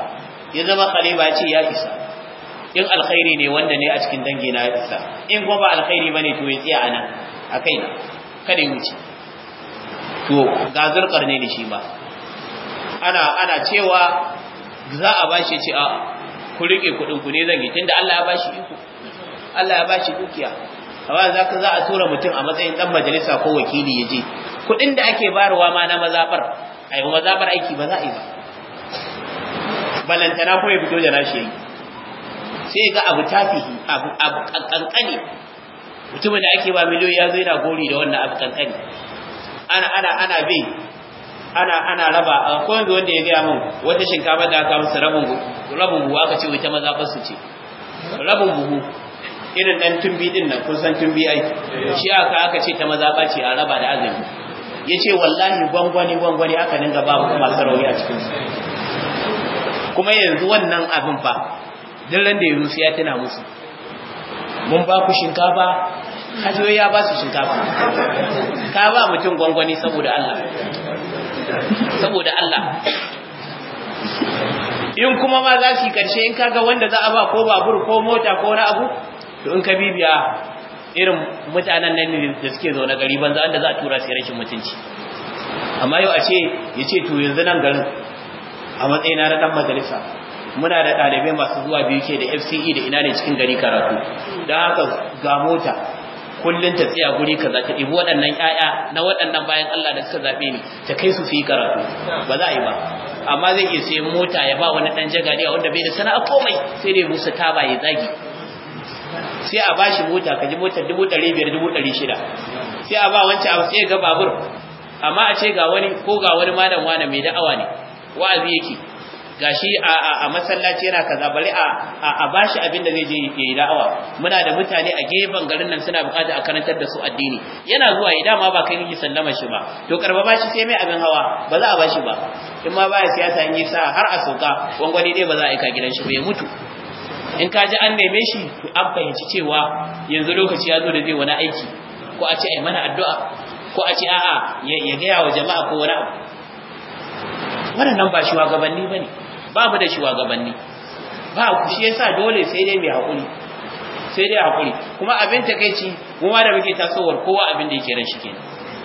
ya zama khalifa ce ya isa in alkhairi ne wanda ne a cikin dangi na isa in kuma ba alkhairi bane to ya tsaya anan na kada ya wuce to ga zurkar ne shi ba ana ana cewa za a bashi ce a ku rike kuɗin ku ne zan yi tunda Allah ya bashi iko Allah ya bashi dukiya amma za ka za a tura mutum a matsayin dan majalisa ko wakili ya je kuɗin da ake barwa ma na mazabar a mazabar aiki ba za a yi ba balantana ko ya fito da nashi yayi sai ga abu tafihi abu kankani mutumin da ake ba miliyoyi ya zo yana gori da wannan abu kankani ana ana ana bai ana ana raba ko wanda ya gaya mun wata shinkafa da aka musu rabin rabin buhu aka ce wata maza ba su ce rabin buhu irin dan tumbi din nan kun san tumbi ai shi aka aka ce ta maza ba ce a raba da azumi yace wallahi gwangwani gwangwani aka dinga ba mu masu rauni a cikin kuma yanzu wannan abin fa duk ran da yanzu sai ya tana musu mun ba ku shinkafa hajo ya ba su shinkafa ka ba mutum gwangwani saboda Allah saboda Allah in kuma ma za su yi karshe in kaga wanda za a ba ko babur ko mota ko wani abu to in ka bibiya irin mutanen nan da suke na gari banza wanda za a tura su rashin mutunci amma yau a ce ya ce to yanzu nan garin a matsayin na ɗan majalisa muna da ɗalibai masu zuwa biyu ke da fce da ina ne cikin gari karatu don haka ga mota kullun ta tsaya guri kaza ta ɗibi waɗannan yaya na waɗannan bayan Allah da suka zabe ni ta kai su su yi karatu ba za a yi ba amma zai iya sayan mota ya ba wani ɗan a wanda bai da sana'a komai sai dai musu taba ya zagi sai a ba shi mota ka ji motar dubu ɗari biyar dubu ɗari shida sai a ba wancan a tsaye ga babur amma a ce ga wani ko ga wani malam wani mai da'awa ne wa'azi yake gashi a masallaci yana kaza bari a bashi abin da zai je ya yi da'awa muna da mutane a gefen garin nan suna bukata a karantar da su addini yana zuwa ya dama ba kan yi sallama shi ba to karba bashi sai mai abin hawa ba za a bashi ba in ma baya siyasa in yi sa har a sauka gwangwani dai ba za a aika gidan shi ba ya mutu in ka ji an neme shi to an fahimci cewa yanzu lokaci ya zo da zai wani aiki ko a ce ai mana addu'a ko a ce a'a ya gaya wa jama'a ko wani abu waɗannan ba shugabanni ba ne ba mu da shugabanni ba ku shi yasa dole sai dai mai hakuri sai dai hakuri kuma abin takeici kuma da muke tasowar kowa abin da yake ran kenan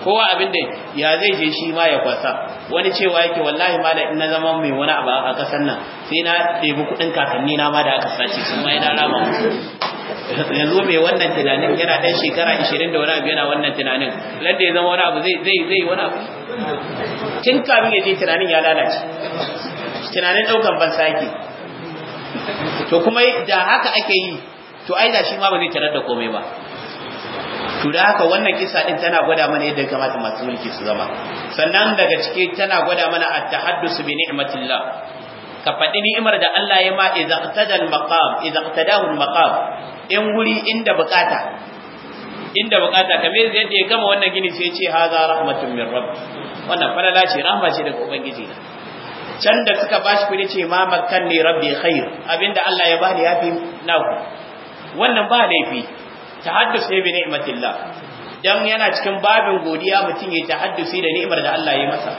kowa abin da ya zai je shi ma ya kwasa wani cewa yake wallahi mala in na zama mai wani abu a kasar nan sai na ɗebi kuɗin kakanni na ma da aka sace sun mai da rama yanzu mai wannan tunanin yana ɗan shekara ishirin da wani abu yana wannan tunanin lalle ya zama wani abu zai zai zai wani abu tun kafin ya je tunanin ya lalace tunanin ɗaukan ban yake to kuma da haka ake yi to ai da shi ma bane tare tarar da komai ba to da haka wannan kisa din tana gwada mana yadda kamata masu mulki su zama sannan daga ciki tana gwada mana at-tahaddusu bi ni'matillah ka faɗi ni'imar da Allah ya ma idza qtadal maqam idza qtadahu maqam in guri inda bukata inda bukata kamar yadda ya gama wannan gini sai ya ce haza rahmatun min rabb wannan falala ce rahma ce daga ubangiji na can da suka bashi kuɗi ce ma makkan ne rabbi khair abinda Allah ya bani ya fi naku wannan ba laifi tahaddus ne bi ni'matillah dan yana cikin babin godiya mutum ya tahaddusi da ni'imar da Allah ya masa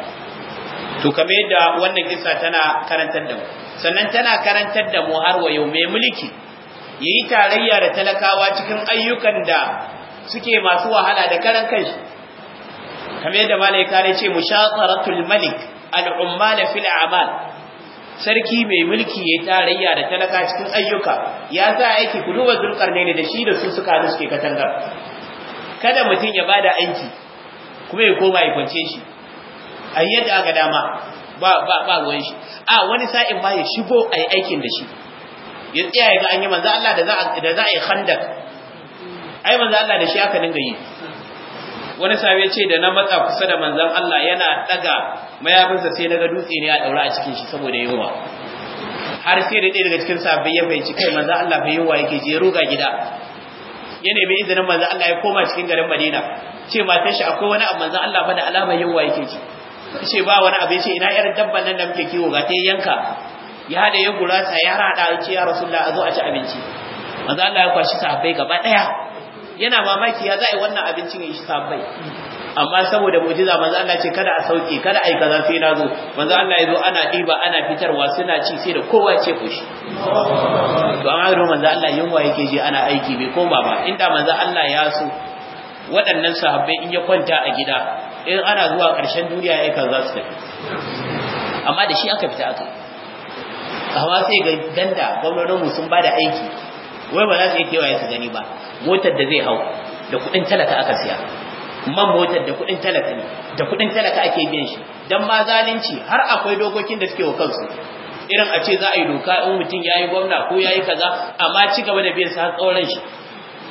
to kamar yadda wannan kissa tana karantar da mu sannan tana karantar da mu har wa yau mai mulki yayi tarayya da talakawa cikin ayyukan da suke masu wahala da karan kanshi kamar yadda malai kare ce mushataratul malik al'ummal fil a'mal sarki mai mulki ya tarayya da talaka cikin ayyuka ya sa aiki ku duba ne da shi da su suka haɗu suke katangar kada mutum ya bada aiki kuma ya koma ya kwance shi a yadda aka dama ba ba ba ruwan shi a wani sa'in ba ya shigo yi aikin da shi ya tsaya ya ga an yi manzo Allah da za da za a yi khandak ai manzo Allah da shi aka dinga yi wani sabi ce da na matsa kusa da manzan Allah yana daga mayafinsa sai daga dutse ne a daura a cikin shi saboda yiwuwa har sai da ɗaya daga cikin sabi ya bai kai manzan Allah bai yiwuwa yake je roga gida ya nemi izinin manzan Allah ya koma cikin garin Madina ce matan shi akwai wani abu manzan Allah fa da alamar yake ji ce ba wani abu ce ina yar dabban nan da muke kiwo ga ta yanka ya hada ya gurasa ya rada ya ce ya rasulullah a zo a ci abinci manzan Allah ya kwashi sabai gaba daya yana mamaki ya za'i wannan abincin yi sabai amma saboda mu'jiza manzo Allah ce kada a sauke kada ai kaza sai na zo manzo Allah ya zo ana diba ana fitarwa suna ci sai da kowa ce kushi to amma da manzo Allah yunwa yake ji ana aiki bai koma ba inda manzo Allah ya so waɗannan sahabbai in ya kwanta a gida in ana zuwa ƙarshen duniya ya kaza su tafi amma da shi aka fita aka amma sai ga ganda mu sun ba da aiki wai ba za su yi ya su gani ba motar da zai hau da kuɗin talaka aka siya man motar da kuɗin talaka ne da kuɗin talaka ake biyan shi Don ma zalunci har akwai dokokin da suke wa kansu irin a ce za a yi doka in mutum ya yi gwamna ko ya yi kaza amma ci gaba da biyan sa har tsoron shi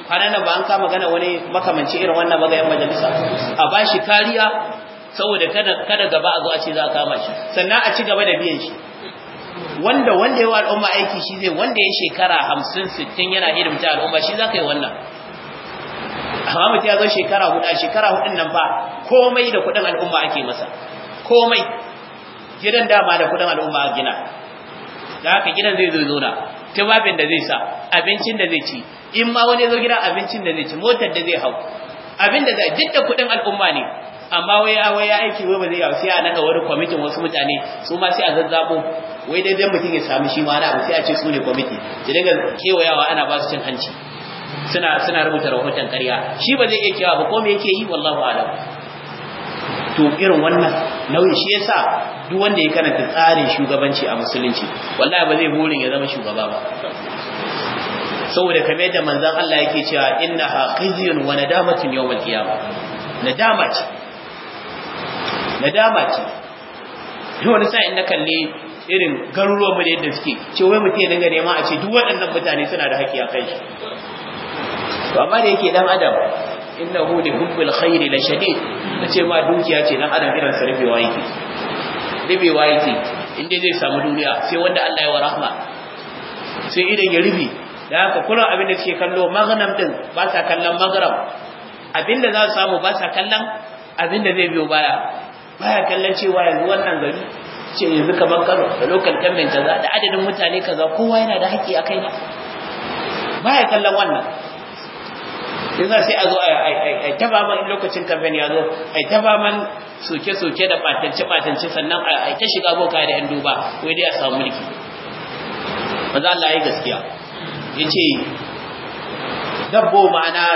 kwanan ba an kama gana wani makamanci irin wannan magayan majalisa a ba shi kariya saboda kada gaba a zo a ce za a kama shi sannan a ci gaba da biyan shi wanda wanda yawa al'umma aiki shi zai wanda ya shekara hamsin sittin yana hidimta al'umma shi za ka yi wannan amma mutum ya zo shekara hudu a shekara hudun nan ba komai da kudin al'umma ake masa komai gidan dama da kudin al'umma a gina da haka gidan zai zo zona tubabin da zai sa abincin da zai ci in ma wani zo gida abincin da zai ci motar da zai hau abin da zai duk da kudin al'umma ne amma wai ya wai ya aiki wai ba zai yawo sai a naka wani kwamitin wasu mutane su ma sai a zazzabo wai dai dan mutum ya samu shi ma sai a ce su ne kwamiti da daga kewayawa ana ba su cin hanci suna suna rubuta rahoton ƙarya shi ba zai iya kewa ba ko me yake yi wallahu alam to irin wannan nauyi shi yasa duk wanda ya karanta tsarin shugabanci a musulunci wallahi ba zai burin ya zama shugaba ba saboda kamar yadda manzon Allah yake cewa innaha khizyun wa nadamatun yawmal qiyamah nadama ce nadama ce yi wani sa'in na kalli irin garuruwan mu da yadda suke ce wai mutum ya dinga nema a ce duk waɗannan mutane suna da haƙƙi a kai shi to amma da yake dan adam innahu li hubbil khairi la shadid ce ma dukiya ce dan adam irin sarfewa yake ribewa yake inda zai samu duniya sai wanda Allah ya wa rahma sai idan ya ribi da haka kullum abin da suke kallo maghnam din ba sa kallon maganam, abin da za su samu ba sa kallon abin da zai biyo baya baya kallon cewa yanzu wannan gari ce yanzu kamar Kano da lokal government kaza da adadin mutane kaza kowa yana da haƙƙi a kai baya kallon wannan yanzu sai a zo a ta baman lokacin kamfen ya zo a ta soke-soke da patance-patance sannan a ta shiga boka da 'yan duba wai dai a samu mulki maza Allah ya gaskiya ya ce dabbo ma'ana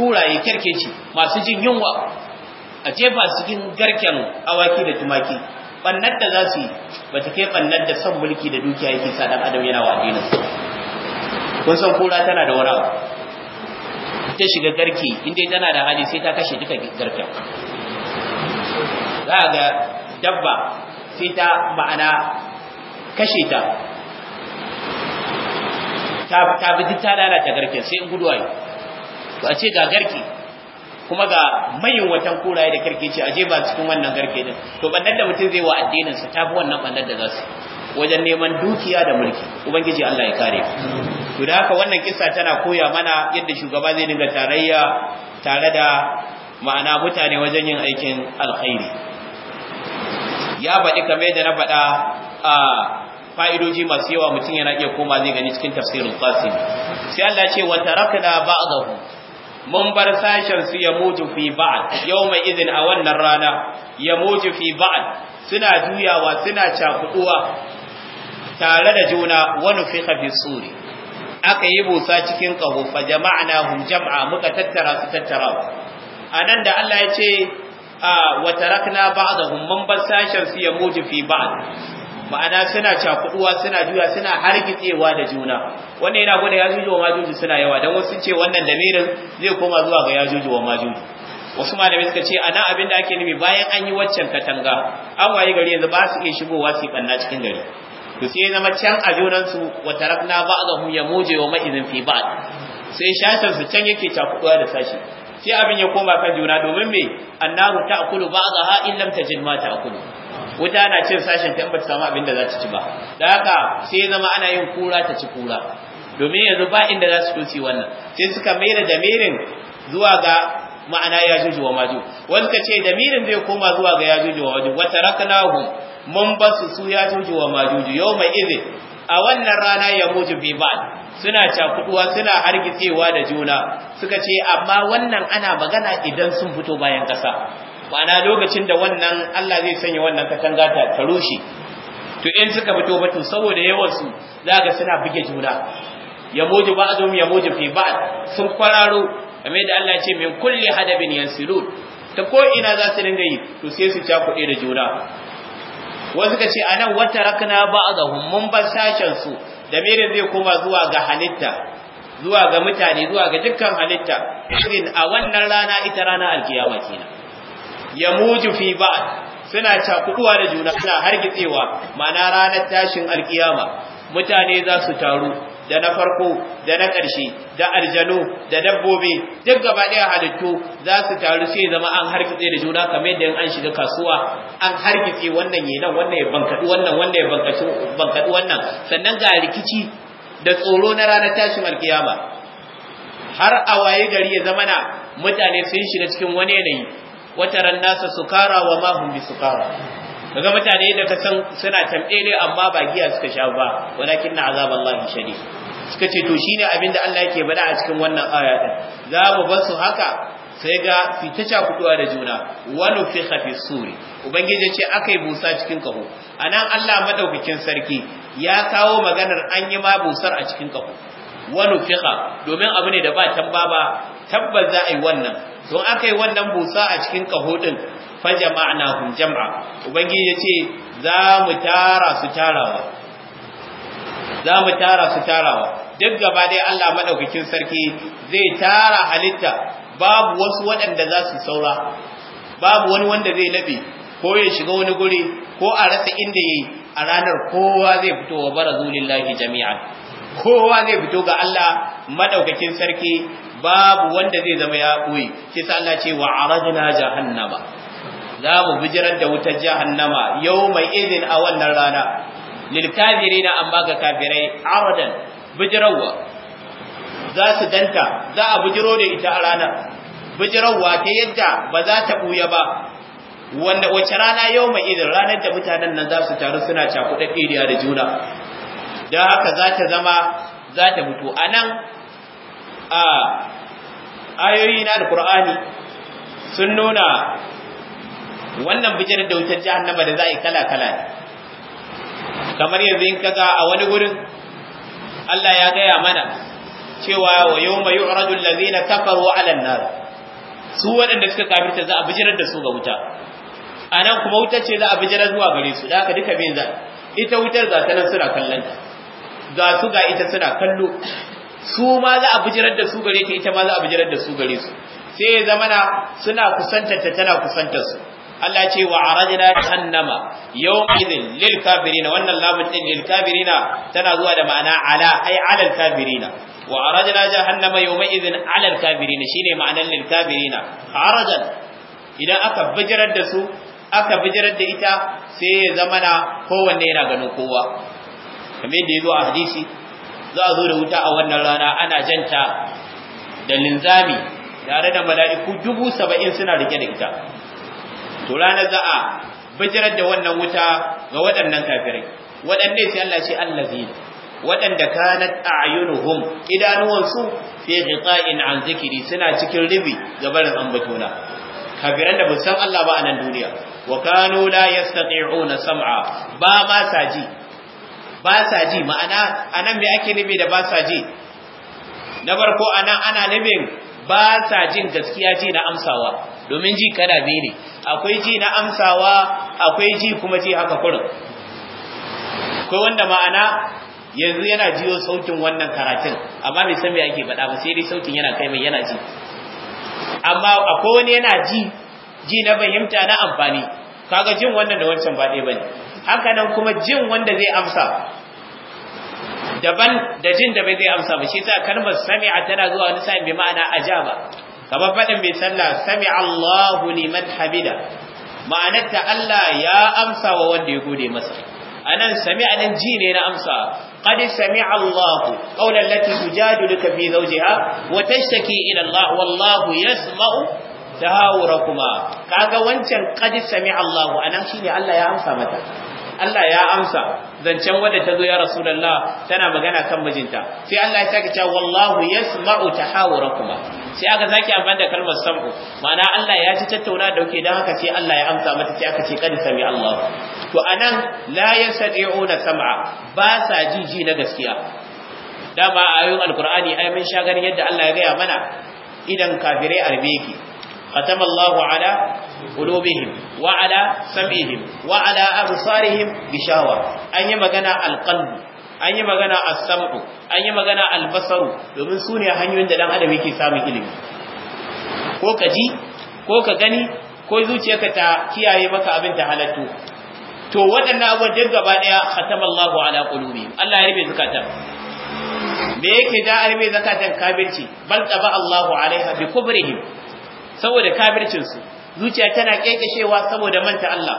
kura kuraye kyarkeci masu jin yunwa a jefa cikin garken awaki da tumaki bannar da za su yi ba ta kai bannar da son mulki da dukiya yake sa dan adam yana wa addinin kun san kura tana da wara ta shiga garke inda tana da hali sai ta kashe duka garken za ga dabba sai ta ma'ana kashe ta ta bi duk ta lalata garken sai in guduwa yi to a ce ga garke kuma ga watan kuraye da kirkici a ba cikin wannan garke din to bannar da mutum zai wa addinin sa tafi wannan bannar da zasu wajen neman dukiya da mulki ubangiji Allah ya kare to da haka wannan kissa tana koya mana yadda shugaba zai dinga tarayya tare da ma'ana mutane wajen yin aikin alkhairi ya baɗi kamar yadda na faɗa a fa'idoji masu yawa mutum yana iya koma zai gani cikin tafsirul qasim sai Allah ce wa tarakna ba'dahu mun bar sashen su ya mutu fi yau mai idin a wannan rana ya mutu fi ba’ad suna juyawa suna cakuduwa tare da juna wani fi fi suri aka yi busa cikin kaho fa na jam'a muka tattara su A anan da Allah ya ce wa tarakna ba'dahum mun bar sashen su ya mutu fi ba’ad ma'ana suna cakuduwa suna juya suna hargitsewa da juna wanda yana gwada yajuju wa majuju suna yawa dan wasu ce wannan damirin zai koma zuwa ga yajuju wa majuju wasu malamai suka ce ana abin da ake nufi bayan an yi waccan katanga an waye gari yanzu ba su iya shigowa su banna cikin gari to sai zama can a junansu wa tarakna ya muje wa ma'izin fi ba'd sai shatan su can yake cakuduwa da sashi sai abin ya koma kan juna domin me annaru ta'kulu ba'daha illam tajid ma ta'kulu wuta na cin sashen ta in bata samu abin da za ta ci ba da haka sai zama ana yin kura ta ci kura domin yanzu ba inda za su tosi wannan sai suka maida damirin zuwa ga ma'ana ya ji wa maju wani ka ce damirin zai koma zuwa ga ya ji wa maju wata rakanahum mun ba su ya ji wa maju yau mai izin a wannan rana ya mutu bi ba suna cakuduwa suna hargitsewa da juna suka ce amma wannan ana magana idan sun fito bayan ƙasa ma'ana lokacin da wannan Allah zai sanya wannan katanga ta tarushi to in suka fito batun saboda yawan su zaka suna buge juna ya yamuju ya moji fi ba'd sun kwararo kamar yadda Allah ya ce min kulli hadabin yansirun ta ko ina za su dinga yi to sai su kuɗi da juna wasu ka ce a wata rakana ba a ga mun bar su da mere zai koma zuwa ga halitta zuwa ga mutane zuwa ga dukkan halitta irin a wannan rana ita rana alkiyama kenan ya muju fi ba'd suna cakuduwa da juna suna hargitsewa ma'ana ranar tashin alkiyama mutane za su taru da na farko da na ƙarshe da aljanu da dabbobi duk gaba ɗaya halittu za su taru sai zama an hargitse da juna kamar yadda an shiga kasuwa an hargitse wannan wannan ya bankaɗi wannan wannan ya bankaɗi wannan sannan ga rikici da tsoro na ranar tashin alkiyama har a waye gari ya zama na mutane sun shiga cikin wani yanayi wataran nasa sukara wa ma hum bisukara kaga mutane da ka san suna ne amma ba giya suka sha ba walakin na shi shadid suka ce to shine abinda Allah yake bada a cikin wannan aya din za mu bar su haka sai ga fitacha kuduwa da juna wani fi suri ubangiji ce akai busa cikin kaho a allah madaukakin sarki ya kawo maganar an yi busar a cikin kaho wani fiha domin abu ne da ba tamba ba tabbas za a yi wannan to aka yi wannan busa a cikin kahudin ɗin fa jama'a na hun jama'a ubangiji ya ce za mu tara su tarawa za mu tara su tarawa duk gaba dai Allah maɗaukakin sarki zai tara halitta babu wasu waɗanda za su saura babu wani wanda zai laɓe ko ya shiga wani guri ko a rasa inda yi a ranar kowa zai fito wa bara zulillahi jami'an kowa zai fito ga Allah madaukakin sarki babu wanda zai zama ya ɓoye shi sa Allah ce wa aradna jahannama za mu bijirar da wutar jahannama yau mai izin a wannan rana lil kafirina amma ga kafirai aradan bijirarwa za su danta za a bijiro da ita a rana. bijirarwa ta yadda ba za ta ɓuya ba wanda wace rana yau mai idin ranar da mutanen nan za su taru suna cakuɗa ƙiriya da juna don haka za ta zama za ta mutu a nan a ayoyi na alqur'ani sun nuna wannan bijirar da wutar jahannama da za a kala kala ne kamar yanzu in kaga a wani gurin Allah ya gaya mana cewa wa yawma yu'radu allazina kafaru 'ala an-nar su waɗanda suka kafirta za a bijirar da su ga wuta anan kuma wuta ce za a bijirar zuwa gare su da aka duka bin za ita wutar za ta nan suna kallon ta su ga ita suna kallo su ma za a bijirar da su gare ta ita ma za a bijirar da su gare su sai ya zamana suna kusantar ta tana kusantar su Allah ce wa arajna jahannama yawma izin lil kafirina wannan lamun din lil kafirina tana zuwa da ma'ana ala ai alal al kafirina wa arajna jahannama yawma idhin ala kafirina shine ma'anar lil kafirina arajan idan aka bijirar da su aka bijirar da ita sai ya zamana kowanne yana ganin kowa kamar yadda ya zo a hadisi za a zo da wuta a wannan rana ana janta da linzami tare da mala'iku dubu saba'in suna rike da ita to ranar za a bijirar da wannan wuta ga waɗannan kafirai waɗanne sai Allah ce allazi waɗanda kanat a'yunuhum idanuwansu fi ghita'in an zikiri suna cikin ribi ga barin ambatona kafiran da ba san Allah ba a nan duniya wa kanu la yastati'una sam'a ba ma saji ba sa ji ma'ana anan me ake nufi da ba sa ji na farko anan ana nufin ba sa jin gaskiya ji na amsawa domin ji kana biyu ne akwai ji na amsawa akwai ji kuma ji haka kurin akwai wanda ma'ana yanzu yana jiyo sautin wannan karatun amma bai san me ake faɗa ba sai dai sautin yana kai mai yana ji amma akwai wani yana ji ji na fahimta na amfani kaga jin wannan da wancan ba ɗaya bane haka nan kuma jin wanda zai amsa daban da jin da bai zai amsa ba shi yasa kalmar sami'a tana zuwa wani sa'in bi ma'ana ajaba kamar faɗin mai sallah sami Allahu liman hamida ma'anarta Allah ya amsa wa wanda ya gode masa anan sami'a nan ji ne na amsa قد سمع الله قول التي تجادلك في زوجها وتشتكي إلى الله والله يسمع تهاوركما كاغا وانشان قد سمع الله أنا شيني الله يا أمسى متى Allah ya amsa zancen wanda ta zo ya rasulullah tana magana kan mijinta sai Allah ya sake cewa wallahu yasma'u tahawurakuma sai aka sake amfani da kalmar sam'u ma'ana Allah ya ci tattauna da kuke dan haka sai Allah ya amsa mata sai aka ce kad sami Allah to anan la yasadi'una sam'a ba sa jiji na gaskiya dama ayoyin alqur'ani ai mun sha ganin yadda Allah ya gaya mana idan kafirai arbe ki khatama Allahu ala qulubihim wa ala sam'ihim wa ala absarihim gishawa an yi magana alqalbu an yi magana as-sam'u an yi magana al-basaru domin su ne hanyoyin da dan adam ke samun ilimi ko ka ji ko ka gani ko zuciyarka ta kiyaye maka abin ta halattu to waɗannan abubuwan duk gaba ɗaya khatamallahu ala qulubi Allah ya rufe zakatan me yake da arbe zakatan kabirci? bal taba Allahu alaiha bi kubrihim saboda kafircin su zuciya tana kekeshewa saboda manta Allah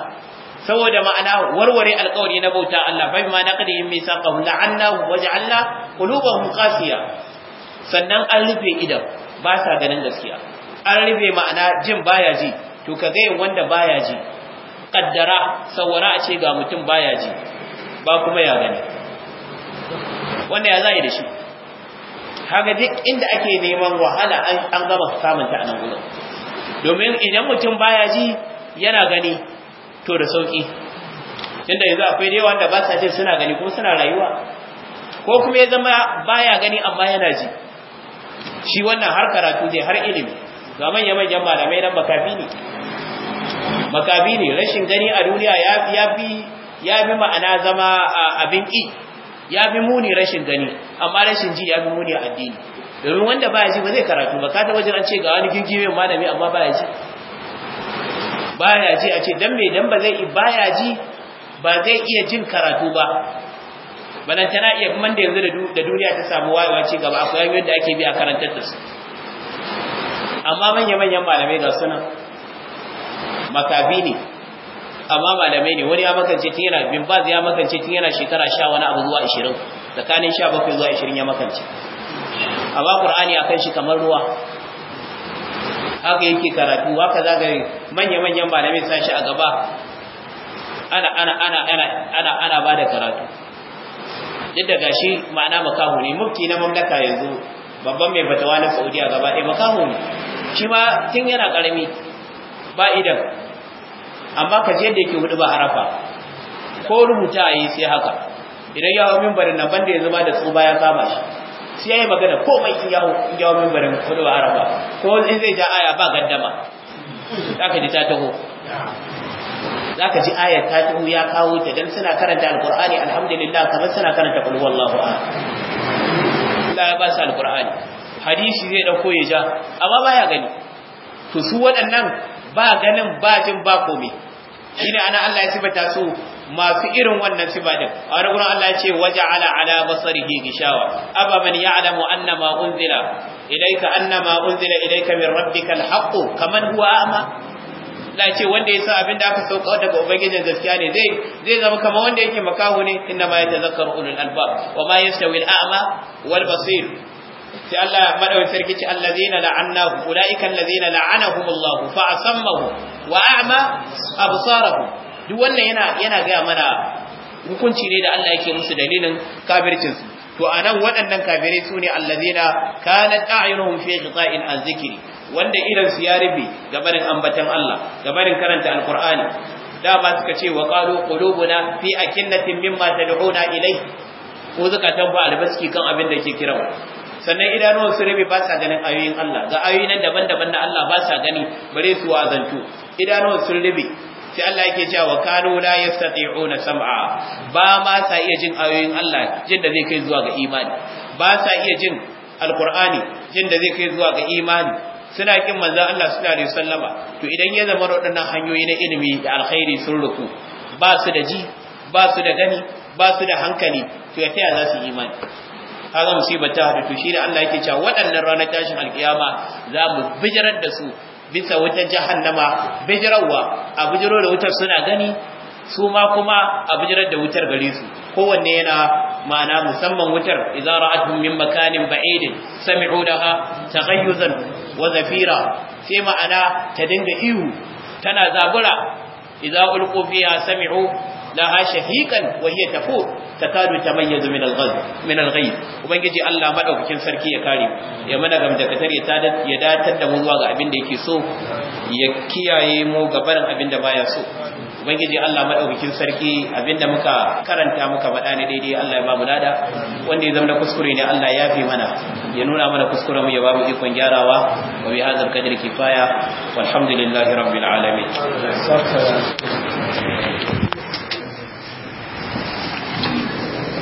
saboda ma'ana warware alƙawari na bauta Allah bai ma naqdihim misaqahum la'annahu waja'alna qulubahum qasiya sannan an rufe idan ba sa ganin gaskiya an rufe ma'ana jin baya ji to ka ga wanda baya ji kaddara sawara a ce ga mutum baya ji ba kuma ya gani wanda ya zai da shi haka duk inda ake neman wahala an gama samunta a nan gudun domin idan mutum baya ji yana gani to da sauki inda yanzu akwai da yawan da ba sa jin suna gani kuma suna rayuwa ko kuma ya zama baya gani amma yana ji shi wannan har karatu zai har ilimi ga manyan manyan malamai nan makafi ne makafi ne rashin gani a duniya ya fi ma'ana zama abin ƙi ya fi muni rashin gani amma rashin ji ya fi muni addini domin wanda baya ji ba zai karatu ba ka ta wajen an ce ga wani gingime malami amma baya ji baya ji a ce dan me dan ba zai baya ji ba zai iya jin karatu ba Bana tana iya kuma da yanzu da duniya ta samu wayewa ce gaba akwai hanyoyin da ake bi a karantar da su amma manya manyan malamai ga suna makafi ne amma malamai ne wani ya makance tun yana bin baz ya makance tun yana shekara sha wani abu zuwa 20 tsakanin 17 zuwa 20 ya makance A amma qur'ani akan shi kamar ruwa haka yake karatu haka zaka manya manyan malamai sa shi a gaba ana ana ana ana ana ana bada karatu duk da gashi ma'ana makahu ne mufti na mamlaka yanzu babban mai fatawa na a gaba ɗaya makahu ne shi ma tun yana karami ba idan amma ka je yadda yake hudu ba harafa ko rubuta a yi sai haka idan ya hau mimbarin nan banda ya zama da tsuba ya kama shi shi yayi magana mai in yawo in yawo mimbarin kudu araba ko in zai ja aya ba gaddama zaka ji ta taho zaka ji aya ta taho ya kawo ta dan suna karanta alqur'ani alhamdulillah kamar suna karanta qul wallahu a Allah ya ba su alqur'ani hadisi zai dauko ya ja amma baya gani to su waɗannan ba ganin ba jin ba komai shine ana Allah ya sifata su masu irin wannan sifa din a wani gurin Allah ya ce waja'ala ala basarihi gishawa aba man ya'lamu anna ma unzila ilayka anna ma unzila ilayka min rabbikal haqq kaman huwa a'ma Allah ce wanda ya san abin da aka sauka daga ubangijin gaskiya ne zai zai zama kamar wanda yake makahu ne inna ma yatazakkaru ulul albab wa ma yastawi al a'ma wal basir sai Allah madawin sarki ce allazina la'annahu ulaika allazina la'anahum Allah fa asammahu wa a'ma absarahum duk wannan yana yana gaya mana hukunci ne da Allah yake musu dalilin kafircin su to anan waɗannan kafirai su ne allazina kana a'yunuhum fi qita'in an wanda idan su ya rufe gabarin ambatan Allah gabarin karanta alqur'ani ba suka ce wa qalu qulubuna fi akinnatin mimma tad'una ilai ko zaka ba albaski kan abin da yake kira sannan idanuwan su rubi ba sa ganin ayoyin Allah ga ayoyin daban-daban na Allah ba sa gani bare su wazantu idanuwan sun rubi sai Allah yake cewa wa kanu la yastati'una sam'a ba ma sa iya jin ayoyin Allah jin da zai kai zuwa ga imani ba sa iya jin alqur'ani jin da zai kai zuwa ga imani suna kin manzon Allah sallallahu alaihi wasallama to idan ya zama waɗannan hanyoyi na ilimi da alkhairi sun ruku ba su da ji ba su da gani ba su da hankali to ya taya za su imani kaga musibata ta haɗu to shi da Allah yake cewa waɗannan ranar tashin alkiyama za mu bijirar da su bisa wutar jahannama bijirarwa a bijiro da wutar suna gani su ma kuma a bijirar da wutar gare su kowanne yana ma'ana musamman wutar idza ra'atuhum min makanin ba'idin sami'u laha taghayyuzan wa zafira sai ma'ana ta dinga ihu tana zabura idza ulqu fiha sami'u laha shafiqan wa hiya ta takadu tamayyazu min al-ghayb min al-ghayb ubangiji Allah madaukakin sarki ya kare ya mana gamdakatar ya ya datar da mu zuwa ga abin da yake so ya kiyaye mu ga barin abin da baya so ubangiji Allah madaukakin sarki abinda muka karanta muka faɗa ne daidai Allah ya mu lada wanda ya zama kuskure ne Allah ya yafe mana ya nuna mana kuskuren mu ya mu ikon gyarawa wa bi hadzal qadri kifaya walhamdulillahi rabbil alamin